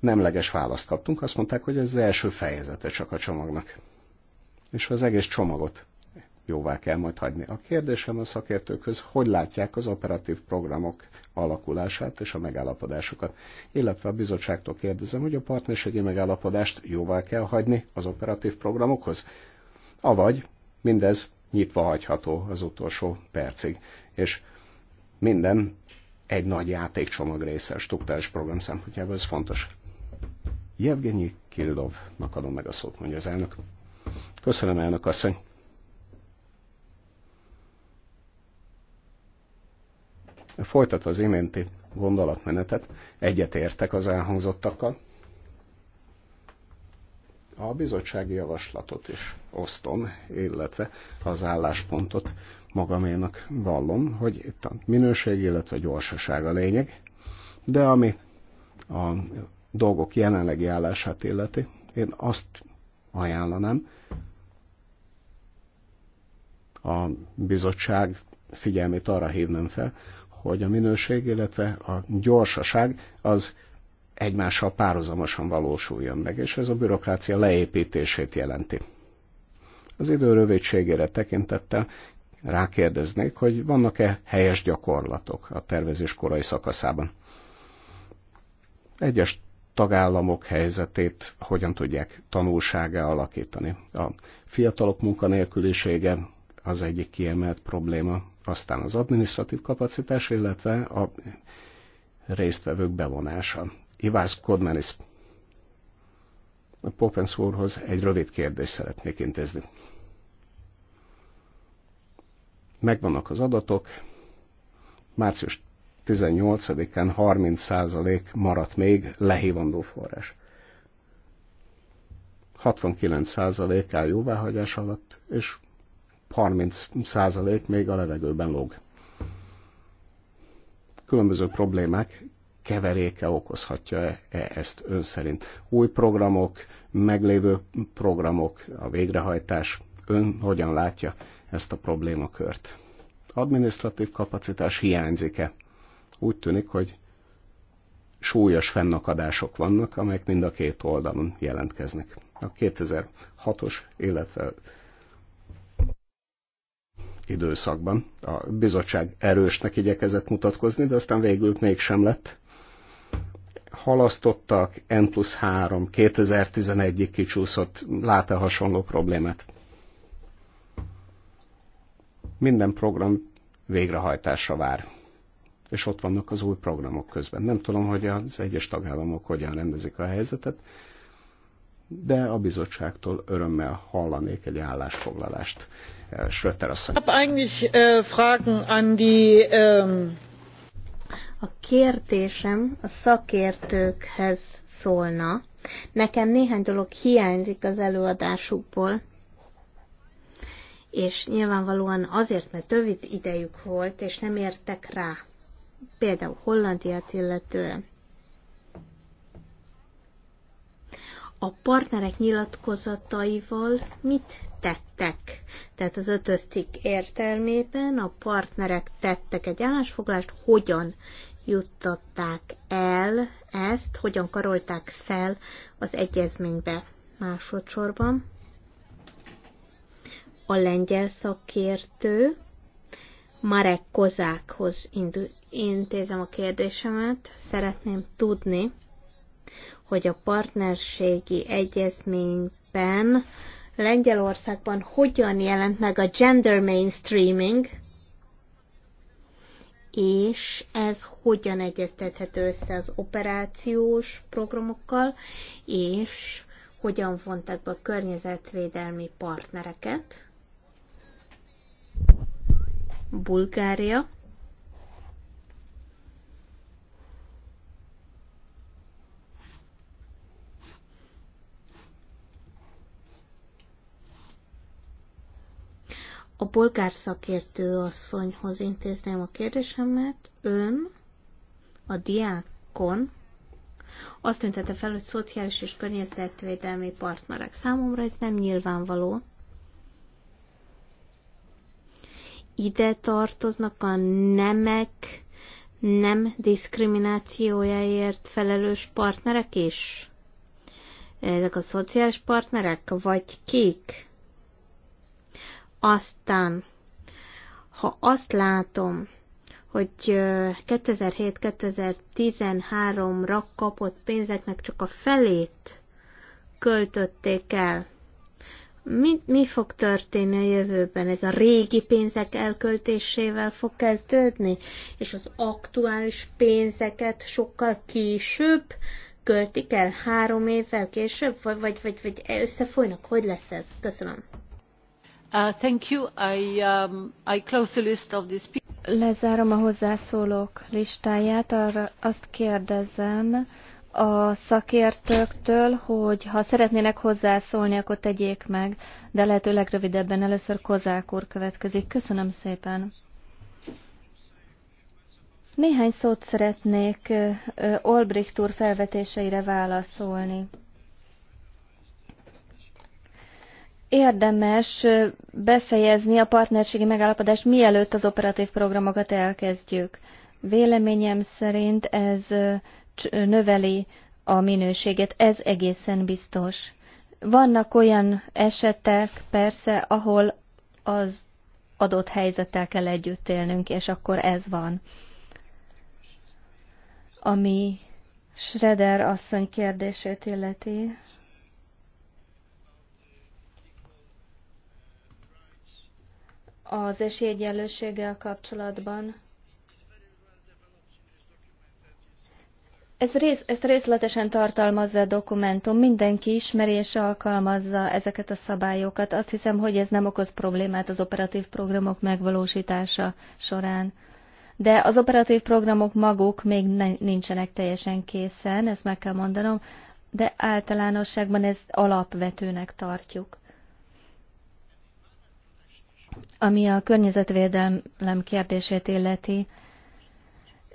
S4: Nemleges választ kaptunk, azt mondták, hogy ez az első fejezete csak a csomagnak. És az egész csomagot jóvá kell majd hagyni. A kérdésem a szakértőkhöz, hogy látják az operatív programok alakulását és a megállapodásokat. Illetve a bizottságtól kérdezem, hogy a partnerségi megállapodást jóvá kell hagyni az operatív programokhoz? Avagy mindez nyitva hagyható az utolsó percig, és minden egy nagy játékcsomag része a struktúrás program szempontjából, ez fontos. Jevgenyi Kildovnak adom meg a szót, mondja az elnök. Köszönöm, elnök asszony. Folytatva az iménti gondolatmenetet, egyetértek az elhangzottakkal. A bizottsági javaslatot is osztom, illetve az álláspontot magaménak vallom, hogy itt a minőség, illetve gyorsaság a lényeg, de ami a dolgok jelenlegi állását illeti, én azt ajánlanám, a bizottság figyelmét arra hívnám fel, hogy a minőség, illetve a gyorsaság az egymással párhuzamosan valósuljon meg, és ez a bürokrácia leépítését jelenti. Az idő rövidségére tekintettel rákérdeznék, hogy vannak-e helyes gyakorlatok a tervezés korai szakaszában. Egyes tagállamok helyzetét hogyan tudják tanulságá alakítani. A fiatalok munkanélkülisége az egyik kiemelt probléma aztán az adminisztratív kapacitás, illetve a résztvevők bevonása. Ivás Kodmenis a Popens úrhoz egy rövid kérdést szeretnék intézni. Megvannak az adatok. Március 18-án 30% maradt még lehívandó forrás. 69% áll jóváhagyás alatt, és 30% még a levegőben lóg. Különböző problémák keveréke okozhatja -e ezt ön szerint? Új programok, meglévő programok, a végrehajtás, ön hogyan látja ezt a problémakört? Administratív kapacitás hiányzik-e? Úgy tűnik, hogy súlyos fennakadások vannak, amelyek mind a két oldalon jelentkeznek. A 2006-os, illetve időszakban. A bizottság erősnek igyekezett mutatkozni, de aztán végül mégsem lett. Halasztottak, N plusz 3, 2011-ig kicsúszott, lát-e hasonló problémát? Minden program végrehajtásra vár és ott vannak az új programok közben. Nem tudom, hogy az egyes tagállamok hogyan rendezik a helyzetet, de a bizottságtól örömmel hallanék egy állásfoglalást Eh, Schröter asszony.
S1: Äh, ähm,
S2: a kérdésem a szakértőkhez szólna. Nekem néhány dolog hiányzik az előadásukból, és nyilvánvalóan azért, mert rövid idejük volt, és nem értek rá. Például Hollandiát illetően. A partnerek nyilatkozataival mit tettek. Tehát az ötös cikk értelmében a partnerek tettek egy állásfoglalást, hogyan juttatták el ezt, hogyan karolták fel az egyezménybe másodszorban. A lengyel szakértő Marek Kozákhoz intézem a kérdésemet. Szeretném tudni, hogy a partnerségi egyezményben Lengyelországban hogyan jelent meg a gender mainstreaming, és ez hogyan egyeztethető össze az operációs programokkal, és hogyan vontak be a környezetvédelmi partnereket. Bulgária a bolgár szakértő asszonyhoz intézném a kérdésemet. Ön a diákon azt tüntette fel, hogy szociális és környezetvédelmi partnerek. Számomra ez nem nyilvánvaló. Ide tartoznak a nemek nem diszkriminációjáért felelős partnerek is? Ezek a szociális partnerek, vagy kik? Aztán, ha azt látom, hogy 2007-2013-ra kapott pénzeknek csak a felét költötték el, mi, mi fog történni a jövőben? Ez a régi pénzek elköltésével fog kezdődni, és az aktuális pénzeket sokkal később költik el, három évvel később, vagy, vagy, vagy, vagy összefolynak? Hogy lesz ez? Köszönöm.
S1: Lezárom a
S3: hozzászólók listáját. Arra azt kérdezem a szakértőktől, hogy ha szeretnének hozzászólni, akkor tegyék meg, de lehetőleg rövidebben először Kozák úr következik. Köszönöm szépen. Néhány szót szeretnék Olbricht úr felvetéseire válaszolni. érdemes befejezni a partnerségi megállapodást, mielőtt az operatív programokat elkezdjük. Véleményem szerint ez növeli a minőséget, ez egészen biztos. Vannak olyan esetek, persze, ahol az adott helyzettel kell együtt élnünk, és akkor ez van. Ami Schroeder asszony kérdését illeti, az esélyegyenlőséggel kapcsolatban. Ez rész, ezt részletesen tartalmazza a dokumentum, mindenki ismeri és alkalmazza ezeket a szabályokat. Azt hiszem, hogy ez nem okoz problémát az operatív programok megvalósítása során. De az operatív programok maguk még nincsenek teljesen készen, ezt meg kell mondanom, de általánosságban ez alapvetőnek tartjuk. Ami a környezetvédelem kérdését illeti,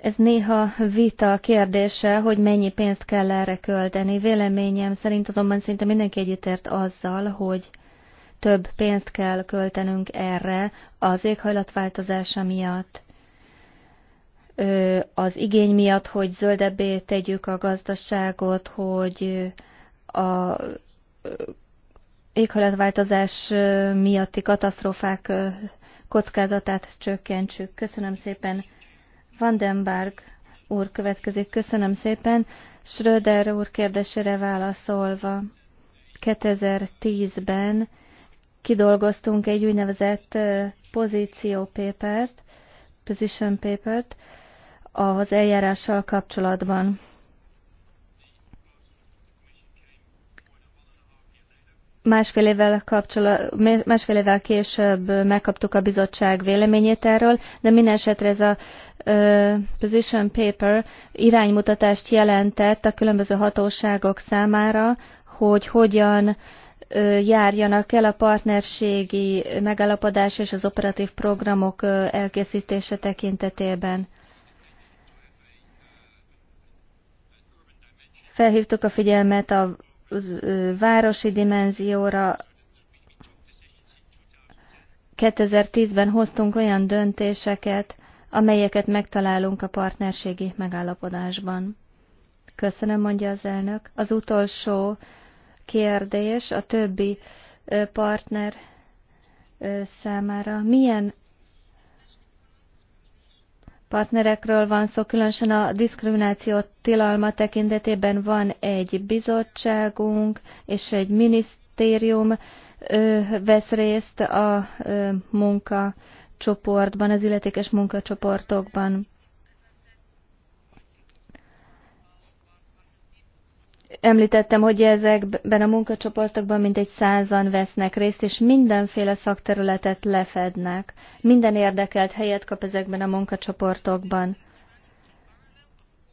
S3: ez néha vita kérdése, hogy mennyi pénzt kell erre költeni. Véleményem szerint azonban szinte mindenki egyetért azzal, hogy több pénzt kell költenünk erre az éghajlatváltozása miatt, az igény miatt, hogy zöldebbé tegyük a gazdaságot, hogy a éghajlatváltozás miatti katasztrófák kockázatát csökkentsük. Köszönöm szépen. Vandenberg úr következik. Köszönöm szépen. Schröder úr kérdésére válaszolva. 2010-ben kidolgoztunk egy úgynevezett pozíció papert, position papert, az eljárással kapcsolatban. másfél évvel, kapcsolat, másfél évvel később megkaptuk a bizottság véleményét erről, de minden esetre ez a position paper iránymutatást jelentett a különböző hatóságok számára, hogy hogyan járjanak el a partnerségi megállapodás és az operatív programok elkészítése tekintetében. Felhívtuk a figyelmet a városi dimenzióra 2010-ben hoztunk olyan döntéseket, amelyeket megtalálunk a partnerségi megállapodásban. Köszönöm, mondja az elnök. Az utolsó kérdés a többi partner számára. Milyen partnerekről van szó, különösen a diszkrimináció tilalma tekintetében van egy bizottságunk és egy minisztérium ö, vesz részt a ö, munkacsoportban, az illetékes munkacsoportokban. Említettem, hogy ezekben a munkacsoportokban mintegy százan vesznek részt, és mindenféle szakterületet lefednek. Minden érdekelt helyet kap ezekben a munkacsoportokban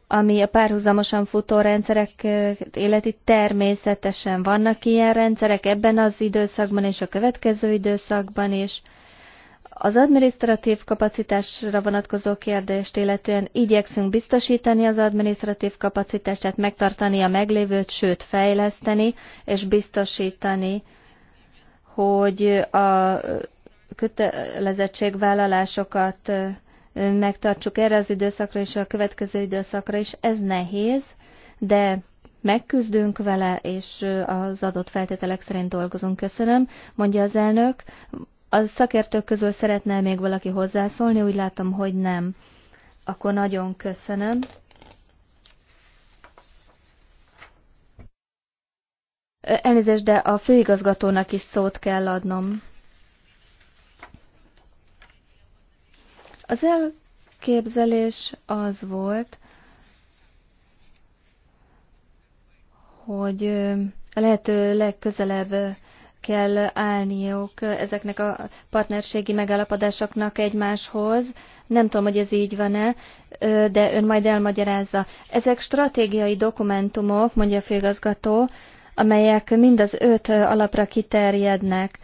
S3: ami a párhuzamosan futó rendszerek életi természetesen vannak ilyen rendszerek ebben az időszakban és a következő időszakban is. És az adminisztratív kapacitásra vonatkozó kérdést illetően igyekszünk biztosítani az adminisztratív kapacitást, tehát megtartani a meglévőt, sőt fejleszteni, és biztosítani, hogy a kötelezettségvállalásokat megtartsuk erre az időszakra és a következő időszakra is. Ez nehéz, de megküzdünk vele, és az adott feltételek szerint dolgozunk. Köszönöm, mondja az elnök. A szakértők közül szeretne még valaki hozzászólni? Úgy látom, hogy nem. Akkor nagyon köszönöm. Elnézést, de a főigazgatónak is szót kell adnom. Az elképzelés az volt, hogy a lehető legközelebb kell állniuk ezeknek a partnerségi megállapodásoknak egymáshoz. Nem tudom, hogy ez így van-e, de ön majd elmagyarázza. Ezek stratégiai dokumentumok, mondja a főigazgató, amelyek mind az öt alapra kiterjednek.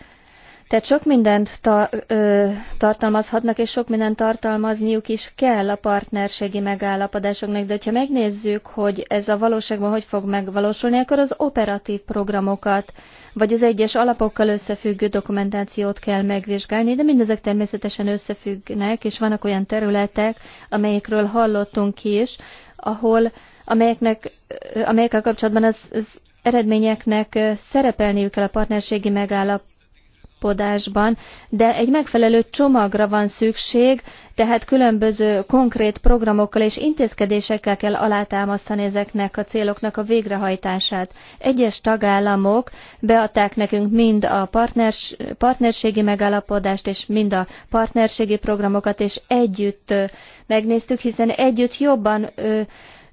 S3: Tehát sok mindent ta, ö, tartalmazhatnak, és sok mindent tartalmazniuk is kell a partnerségi megállapodásoknak, de ha megnézzük, hogy ez a valóságban hogy fog megvalósulni, akkor az operatív programokat, vagy az egyes alapokkal összefüggő dokumentációt kell megvizsgálni, de mindezek természetesen összefüggnek, és vannak olyan területek, amelyekről hallottunk is, ahol amelyeknek, amelyekkel kapcsolatban az, az eredményeknek szerepelniük kell a partnerségi megállapodásoknak, megállapodásban, de egy megfelelő csomagra van szükség, tehát különböző konkrét programokkal és intézkedésekkel kell alátámasztani ezeknek a céloknak a végrehajtását. Egyes tagállamok beadták nekünk mind a partners, partnerségi megállapodást és mind a partnerségi programokat, és együtt megnéztük, hiszen együtt jobban ö,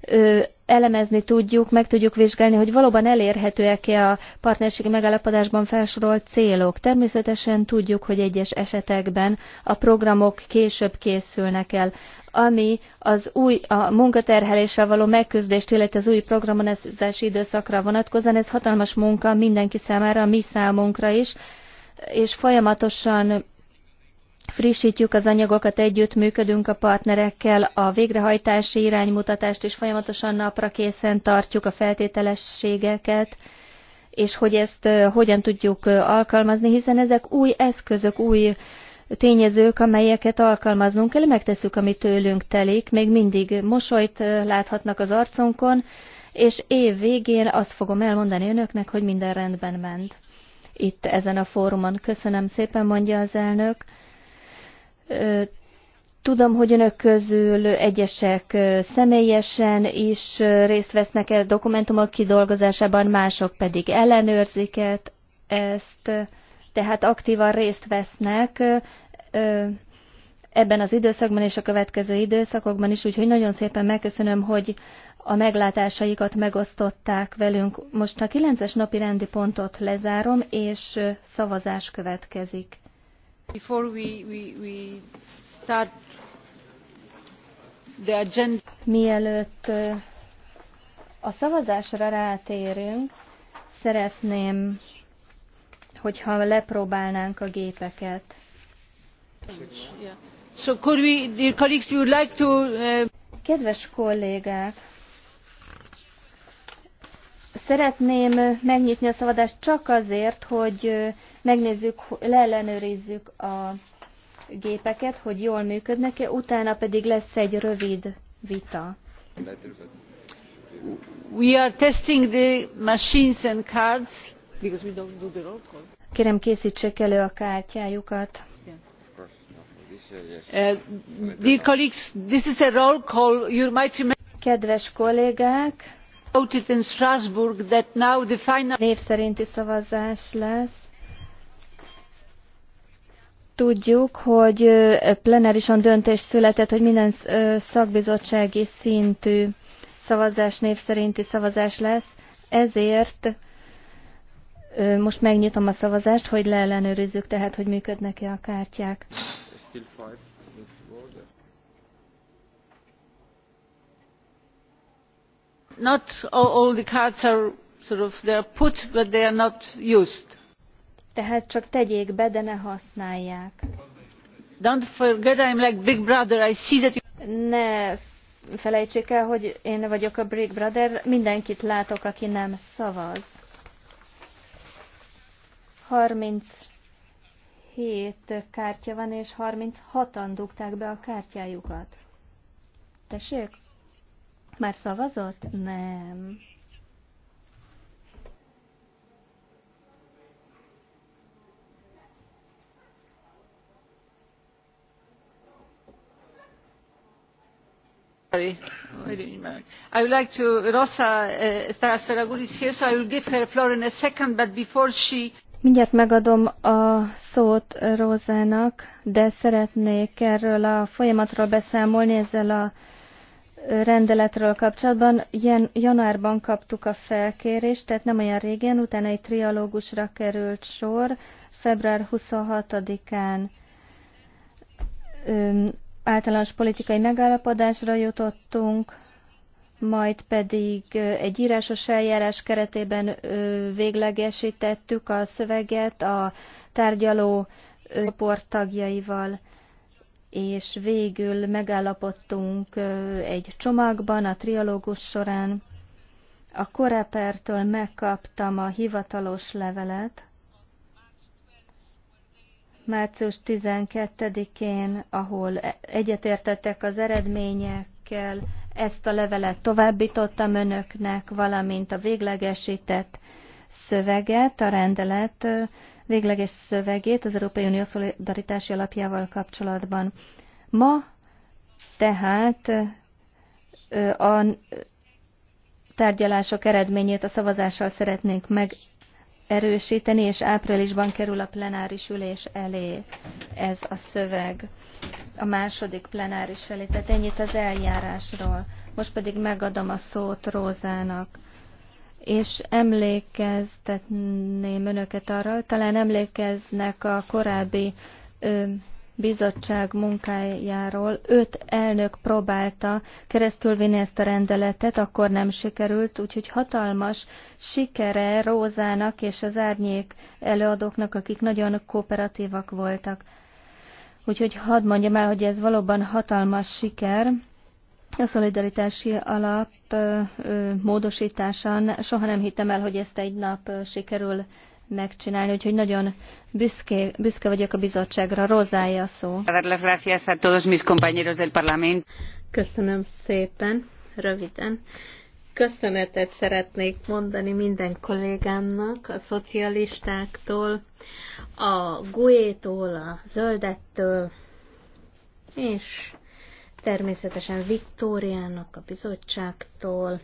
S3: ö, elemezni tudjuk, meg tudjuk vizsgálni, hogy valóban elérhetőek-e a partnerségi megállapodásban felsorolt célok. Természetesen tudjuk, hogy egyes esetekben a programok később készülnek el, ami az új, a munkaterheléssel való megküzdést, illetve az új az időszakra vonatkozóan, ez hatalmas munka mindenki számára, a mi számunkra is, és folyamatosan frissítjük az anyagokat, együtt működünk a partnerekkel, a végrehajtási iránymutatást is folyamatosan napra készen tartjuk, a feltételességeket, és hogy ezt hogyan tudjuk alkalmazni, hiszen ezek új eszközök, új tényezők, amelyeket alkalmaznunk kell, megtesszük, ami tőlünk telik, még mindig mosolyt láthatnak az arcunkon, és év végén azt fogom elmondani önöknek, hogy minden rendben ment. Itt ezen a fórumon köszönöm szépen, mondja az elnök. Tudom, hogy önök közül egyesek személyesen is részt vesznek el dokumentumok kidolgozásában, mások pedig ellenőrzik ezt, tehát aktívan részt vesznek ebben az időszakban és a következő időszakokban is, úgyhogy nagyon szépen megköszönöm, hogy a meglátásaikat megosztották velünk. Most a 9-es napi rendi pontot lezárom, és szavazás következik. Mielőtt a szavazásra rátérünk, szeretném, hogyha lepróbálnánk a
S1: gépeket. So could we, dear colleagues, we would like to, uh... Kedves kollégák,
S3: Szeretném megnyitni a szavazást csak azért, hogy megnézzük, leellenőrizzük a gépeket, hogy jól működnek-e, utána pedig lesz egy rövid
S1: vita. We are testing the machines and cards because we don't do the roll call. Kérem készítsék elő a
S3: kártyájukat.
S1: Uh, dear colleagues, this is a roll call. You might remember. Kedves kollégák, Név szerinti szavazás lesz.
S3: Tudjuk, hogy plenárison döntés született, hogy minden szakbizottsági szintű szavazás név szerinti szavazás lesz, ezért most megnyitom a szavazást, hogy leellenőrizzük tehát, hogy
S1: működnek-e a kártyák. not all the cards are sort of they are put but they are not used. Tehát csak tegyék be, de ne
S3: használják. Don't forget I'm like Big Brother. I see that you... Ne felejtsék el, hogy én vagyok a Big Brother, mindenkit látok, aki nem szavaz. 37 kártya van, és 36-an dugták be a kártyájukat. Tessék? Már szavazott? Nem.
S1: i would like to rosa estars eh, Ferragulis here so i will give her the floor in a second but before she
S3: Mindjárt megadom a szót Rózának, de szeretnék erről a folyamatról beszámolni ezzel a rendeletről kapcsolatban jan januárban kaptuk a felkérést, tehát nem olyan régen, utána egy trialógusra került sor, február 26-án általános politikai megállapodásra jutottunk, majd pedig egy írásos eljárás keretében véglegesítettük a szöveget a tárgyaló csoport tagjaival és végül megállapodtunk egy csomagban a trialógus során. A korepertől megkaptam a hivatalos levelet. Március 12-én, ahol e- egyetértettek az eredményekkel, ezt a levelet továbbítottam önöknek, valamint a véglegesített szöveget, a rendelet végleges szövegét az Európai Unió szolidaritási alapjával kapcsolatban. Ma tehát a tárgyalások eredményét a szavazással szeretnénk megerősíteni, és áprilisban kerül a plenáris ülés elé ez a szöveg a második plenáris elé. Tehát ennyit az eljárásról. Most pedig megadom a szót Rózának és emlékeztetném önöket arra, talán emlékeznek a korábbi ö, bizottság munkájáról. Öt elnök próbálta keresztülvinni ezt a rendeletet, akkor nem sikerült, úgyhogy hatalmas sikere Rózának és az árnyék előadóknak, akik nagyon kooperatívak voltak. Úgyhogy hadd mondjam el, hogy ez valóban hatalmas siker, a szolidaritási alap módosításán soha nem hittem el, hogy ezt egy nap sikerül megcsinálni, úgyhogy nagyon büszke, büszke vagyok a bizottságra. Rozája a szó. Köszönöm
S2: szépen, röviden. Köszönetet szeretnék mondani minden kollégámnak, a szocialistáktól, a GUE-tól, a zöldettől, és természetesen Viktóriának, a bizottságtól,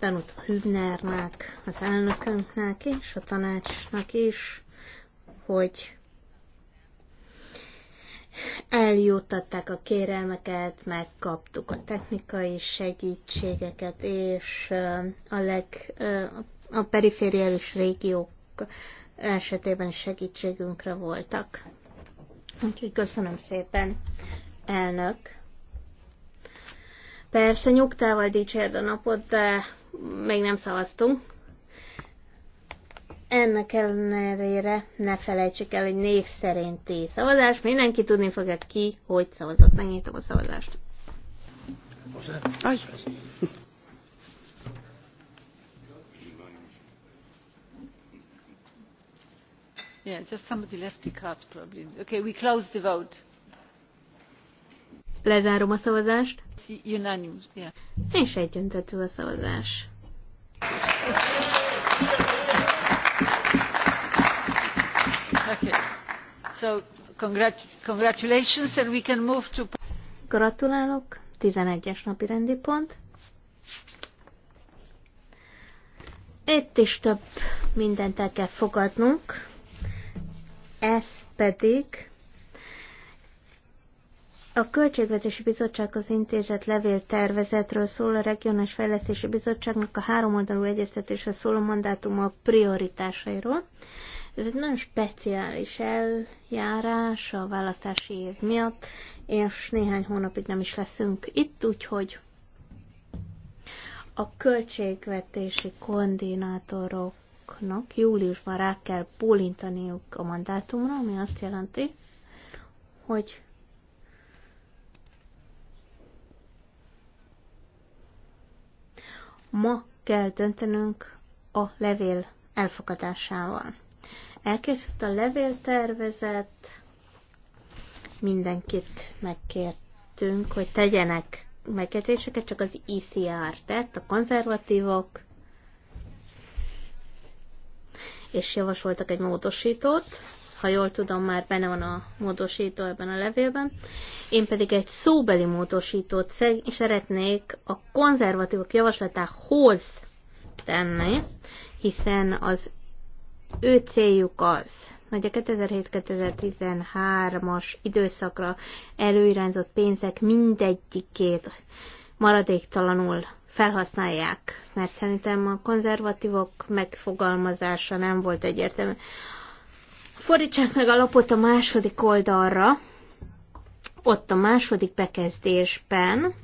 S2: Danut Hübnernek, az elnökünknek és a tanácsnak is, hogy eljutatták a kérelmeket, megkaptuk a technikai segítségeket, és a, leg, a perifériális régiók esetében is segítségünkre voltak. Úgyhogy köszönöm szépen, elnök! Persze nyugtával dicsérd a napot, de még nem szavaztunk. Ennek ellenére ne felejtsük el, hogy név szerinti szavazás. Mindenki tudni fogja ki, hogy szavazott. Megnyitom a szavazást.
S1: Aj. Yeah, just somebody left the card probably. Okay, we close the vote.
S2: Lezárom a szavazást.
S1: Unanimous, yeah.
S2: És egyöntetű a szavazás.
S1: Okay. So, congratulations and we can move to...
S2: Gratulálok, 11-es napi rendi pont. Itt is több mindent el kell fogadnunk. Ez pedig a Költségvetési Bizottsághoz intézett tervezetről szól a Regionális Fejlesztési Bizottságnak a háromoldalú egyeztetésre szóló mandátum a prioritásairól. Ez egy nagyon speciális eljárás a választási év miatt, és néhány hónapig nem is leszünk itt, úgyhogy a költségvetési koordinátoroknak júliusban rá kell bólintaniuk a mandátumra, ami azt jelenti, hogy Ma kell döntenünk a levél elfogadásával. Elkészült a levéltervezet, mindenkit megkértünk, hogy tegyenek megjegyzéseket, csak az ICR tett, a konzervatívok, és javasoltak egy módosítót, ha jól tudom, már benne van a módosító ebben a levélben. Én pedig egy szóbeli módosítót szeretnék a konzervatívok javaslatához tenni, hiszen az ő céljuk az, hogy a 2007-2013-as időszakra előirányzott pénzek mindegyikét maradéktalanul felhasználják, mert szerintem a konzervatívok megfogalmazása nem volt egyértelmű. Fordítsák meg a lapot a második oldalra, ott a második bekezdésben,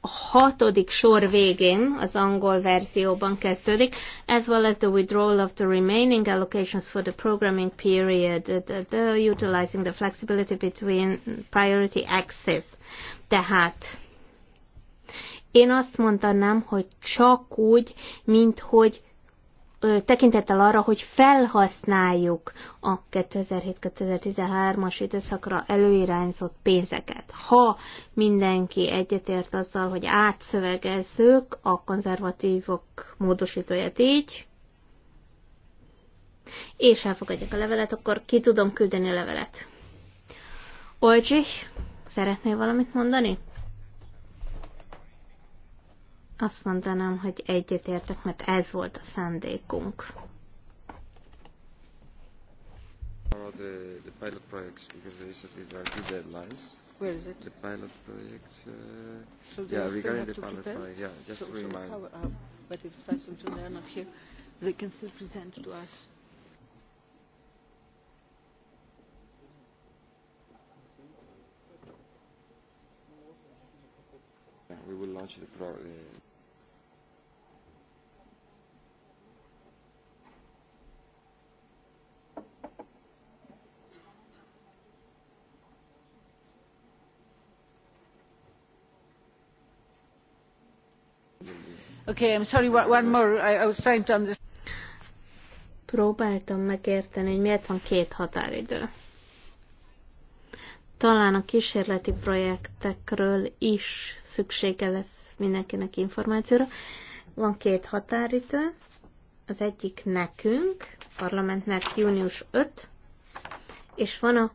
S2: a hatodik sor végén, az angol verzióban kezdődik, as well as the withdrawal of the remaining allocations for the programming period, the, the, utilizing the flexibility between priority access. Tehát én azt mondanám, hogy csak úgy, mint hogy tekintettel arra, hogy felhasználjuk a 2007-2013-as időszakra előirányzott pénzeket. Ha mindenki egyetért azzal, hogy átszövegezzük a konzervatívok módosítóját így, és elfogadják a levelet, akkor ki tudom küldeni a levelet. Olcsi, szeretnél valamit mondani? azt mondanám, hogy egyetértek, mert ez volt a szándékunk.
S1: The, the pilot projects because they said are deadlines. Where is it?
S4: The pilot project. Uh, so yeah, regarding the pilot prepare? project. Yeah, just so, remind. So how, how,
S1: but if not here, they can still present to us. we will launch the, pro, uh, sorry, one more. I was trying to understand.
S2: Próbáltam megérteni, hogy miért van két határidő. Talán a kísérleti projektekről is szüksége lesz mindenkinek információra. Van két határidő, az egyik nekünk, parlamentnek június 5, és van a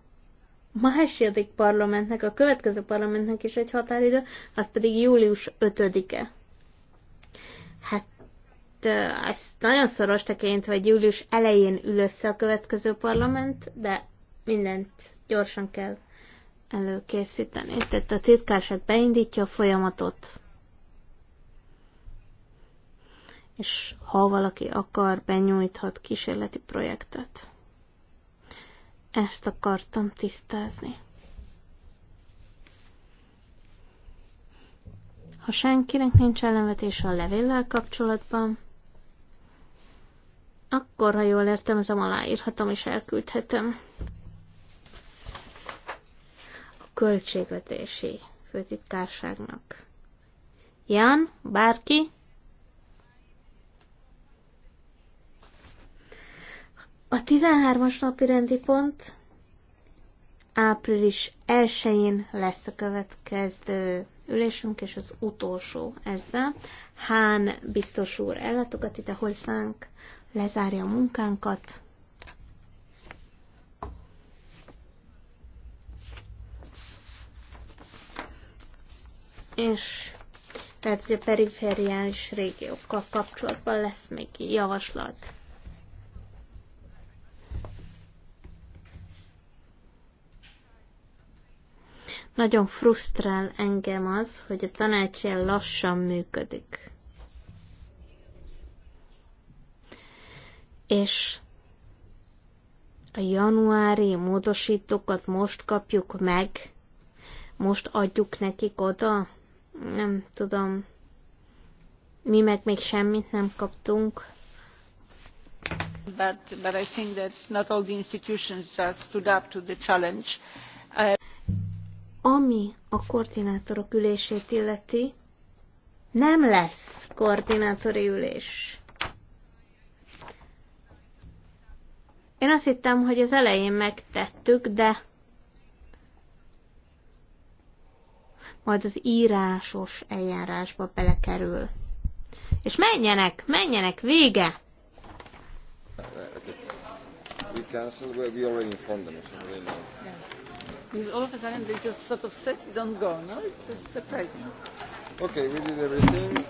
S2: második parlamentnek, a következő parlamentnek is egy határidő, az pedig július 5-e. Hát ez nagyon szoros tekintve, hogy július elején ül össze a következő parlament, de mindent gyorsan kell előkészíteni. Tehát a titkárság beindítja a folyamatot. És ha valaki akar, benyújthat kísérleti projektet. Ezt akartam tisztázni. Ha senkinek nincs ellenvetése a levéllel kapcsolatban, akkor, ha jól értem, ezem aláírhatom és elküldhetem. A költségvetési főtitkárságnak. Jan, bárki? A 13-as napi rendi pont április 1-én lesz a következő ülésünk, és az utolsó ezzel. Hán biztos úr ellátogat ide hozzánk, lezárja a munkánkat. És tehát, hogy a perifériális régiókkal kapcsolatban lesz még javaslat. Nagyon frusztrál engem az, hogy a tanács ilyen lassan működik. És a januári módosítókat most kapjuk meg, most adjuk nekik oda, nem tudom, mi meg még semmit nem kaptunk.
S1: But, but I think that not all the institutions just stood up to the challenge. Uh... Ami
S2: a koordinátorok ülését illeti, nem lesz koordinátori ülés. Én azt hittem, hogy az elején megtettük, de majd az írásos eljárásba belekerül. És menjenek, menjenek, vége!
S4: We cancel, we already know. Yeah.
S1: And all of a sudden they just sort of sit, don't go. No, it's surprising. Okay, we did everything.